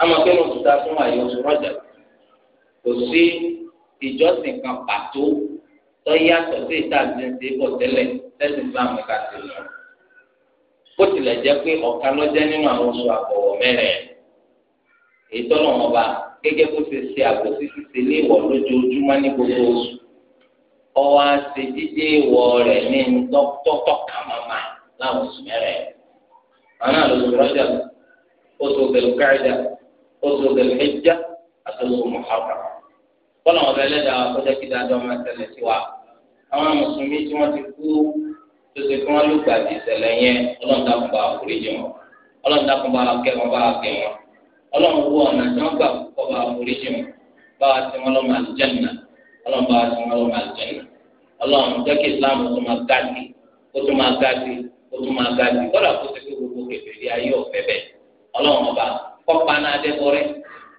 àmọ́ kí ló ń tuta fún àyè oṣù rọjà kò sí ìjọsìn kan pàtó tó yàtọ̀ sí ìta àdínsẹ bọ tẹ́lẹ̀ lẹ́sìn islam ká sí lọ bó tilẹ̀ jẹ́ pé ọ̀kan ló jẹ́ nínú àwọn oṣù àbọ̀wọ̀ mẹ́rin èyí tọ́lọ̀ wọn bá gẹ́gẹ́ bó ṣe ṣe àgbòsí ṣiṣe ní ìwọ̀ lójoojúmọ́ ní gbogbo oṣù ọwọ́ àṣejìdé ìwọ̀ rẹ̀ ní tọ́tọ́ kàmá láwọn oṣù mẹ́rẹ̀ àwọn náà lóṣù rọ́jà oṣù bẹ̀lùkáìdà oṣù bẹ̀lùhẹ́jà àti oṣù mọ̀háfà bọ́lá wọn bẹ̀rẹ̀ lẹ́dàá kọjá kí dáadọ́ máa tẹ̀lé sí wa àwọn mùsùlùmí tí wọ́n ti kú tó ṣe kí wọ́n ló gbà di ìṣẹ̀lẹ̀ yẹn ọlọ́ọ̀dà kún bá àforíjì wọn ọlọ́ọ̀dà kún bá kẹ́ wọn bá kẹ́ wọn ọlọ́run kọ́ bá àforíjì wọn bá ó tún máa ga jù kọ́lá kó ṣe pé gbogbo kẹfìrí ayé ọ̀fẹ́ bẹ̀ ọlọ́run ọba kọ́ paná adébọ̀rẹ́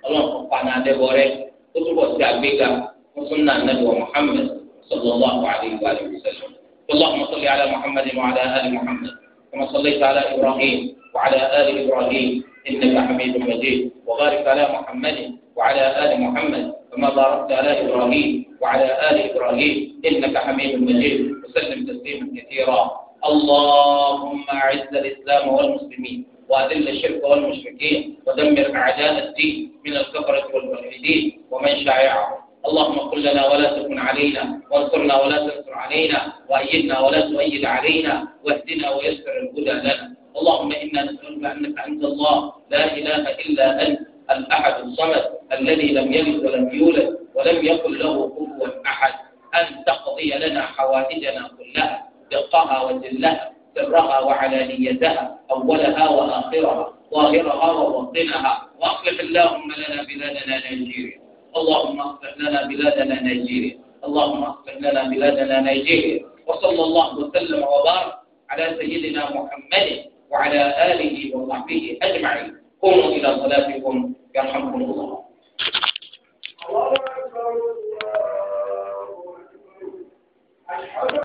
ọlọ́run kọ́ paná adébọ̀rẹ́ ó túbọ̀ sí àgbéga fún súnà nàbẹ̀wò Muhammad sallallahu alayhi wa sallam اللهم صل على محمد وعلى ال محمد كما صليت على ابراهيم وعلى ال ابراهيم انك حميد مجيد وبارك على محمد وعلى ال محمد كما باركت على ابراهيم وعلى ال ابراهيم انك حميد مجيد وسلم تسليما كثيرا اللهم أعز الإسلام والمسلمين وأذل الشرك والمشركين ودمر أعداء الدين من الكفرة والملحدين ومن شايعهم اللهم قل لنا ولا تكن علينا وانصرنا ولا تنصر علينا وأيدنا ولا تؤيد علينا واهدنا ويسر الهدى لنا اللهم إنا نسألك أنك أنت الله لا إله إلا أنت الأحد الصمد الذي لم يلد ولم يولد ولم يكن له كفوا أحد أن تقضي لنا حوائجنا كلها دقها وجلها سرها وعلانيتها أولها وآخرها ظاهرها وباطنها وأصلح اللهم لنا بلادنا نيجيريا اللهم أصلح لنا بلادنا نيجيريا اللهم أصلح لنا بلادنا نيجيريا وصلى الله وسلم وبارك على سيدنا محمد وعلى آله وصحبه أجمعين قوموا إلى صلاتكم يرحمكم الله الله أكبر الله أكبر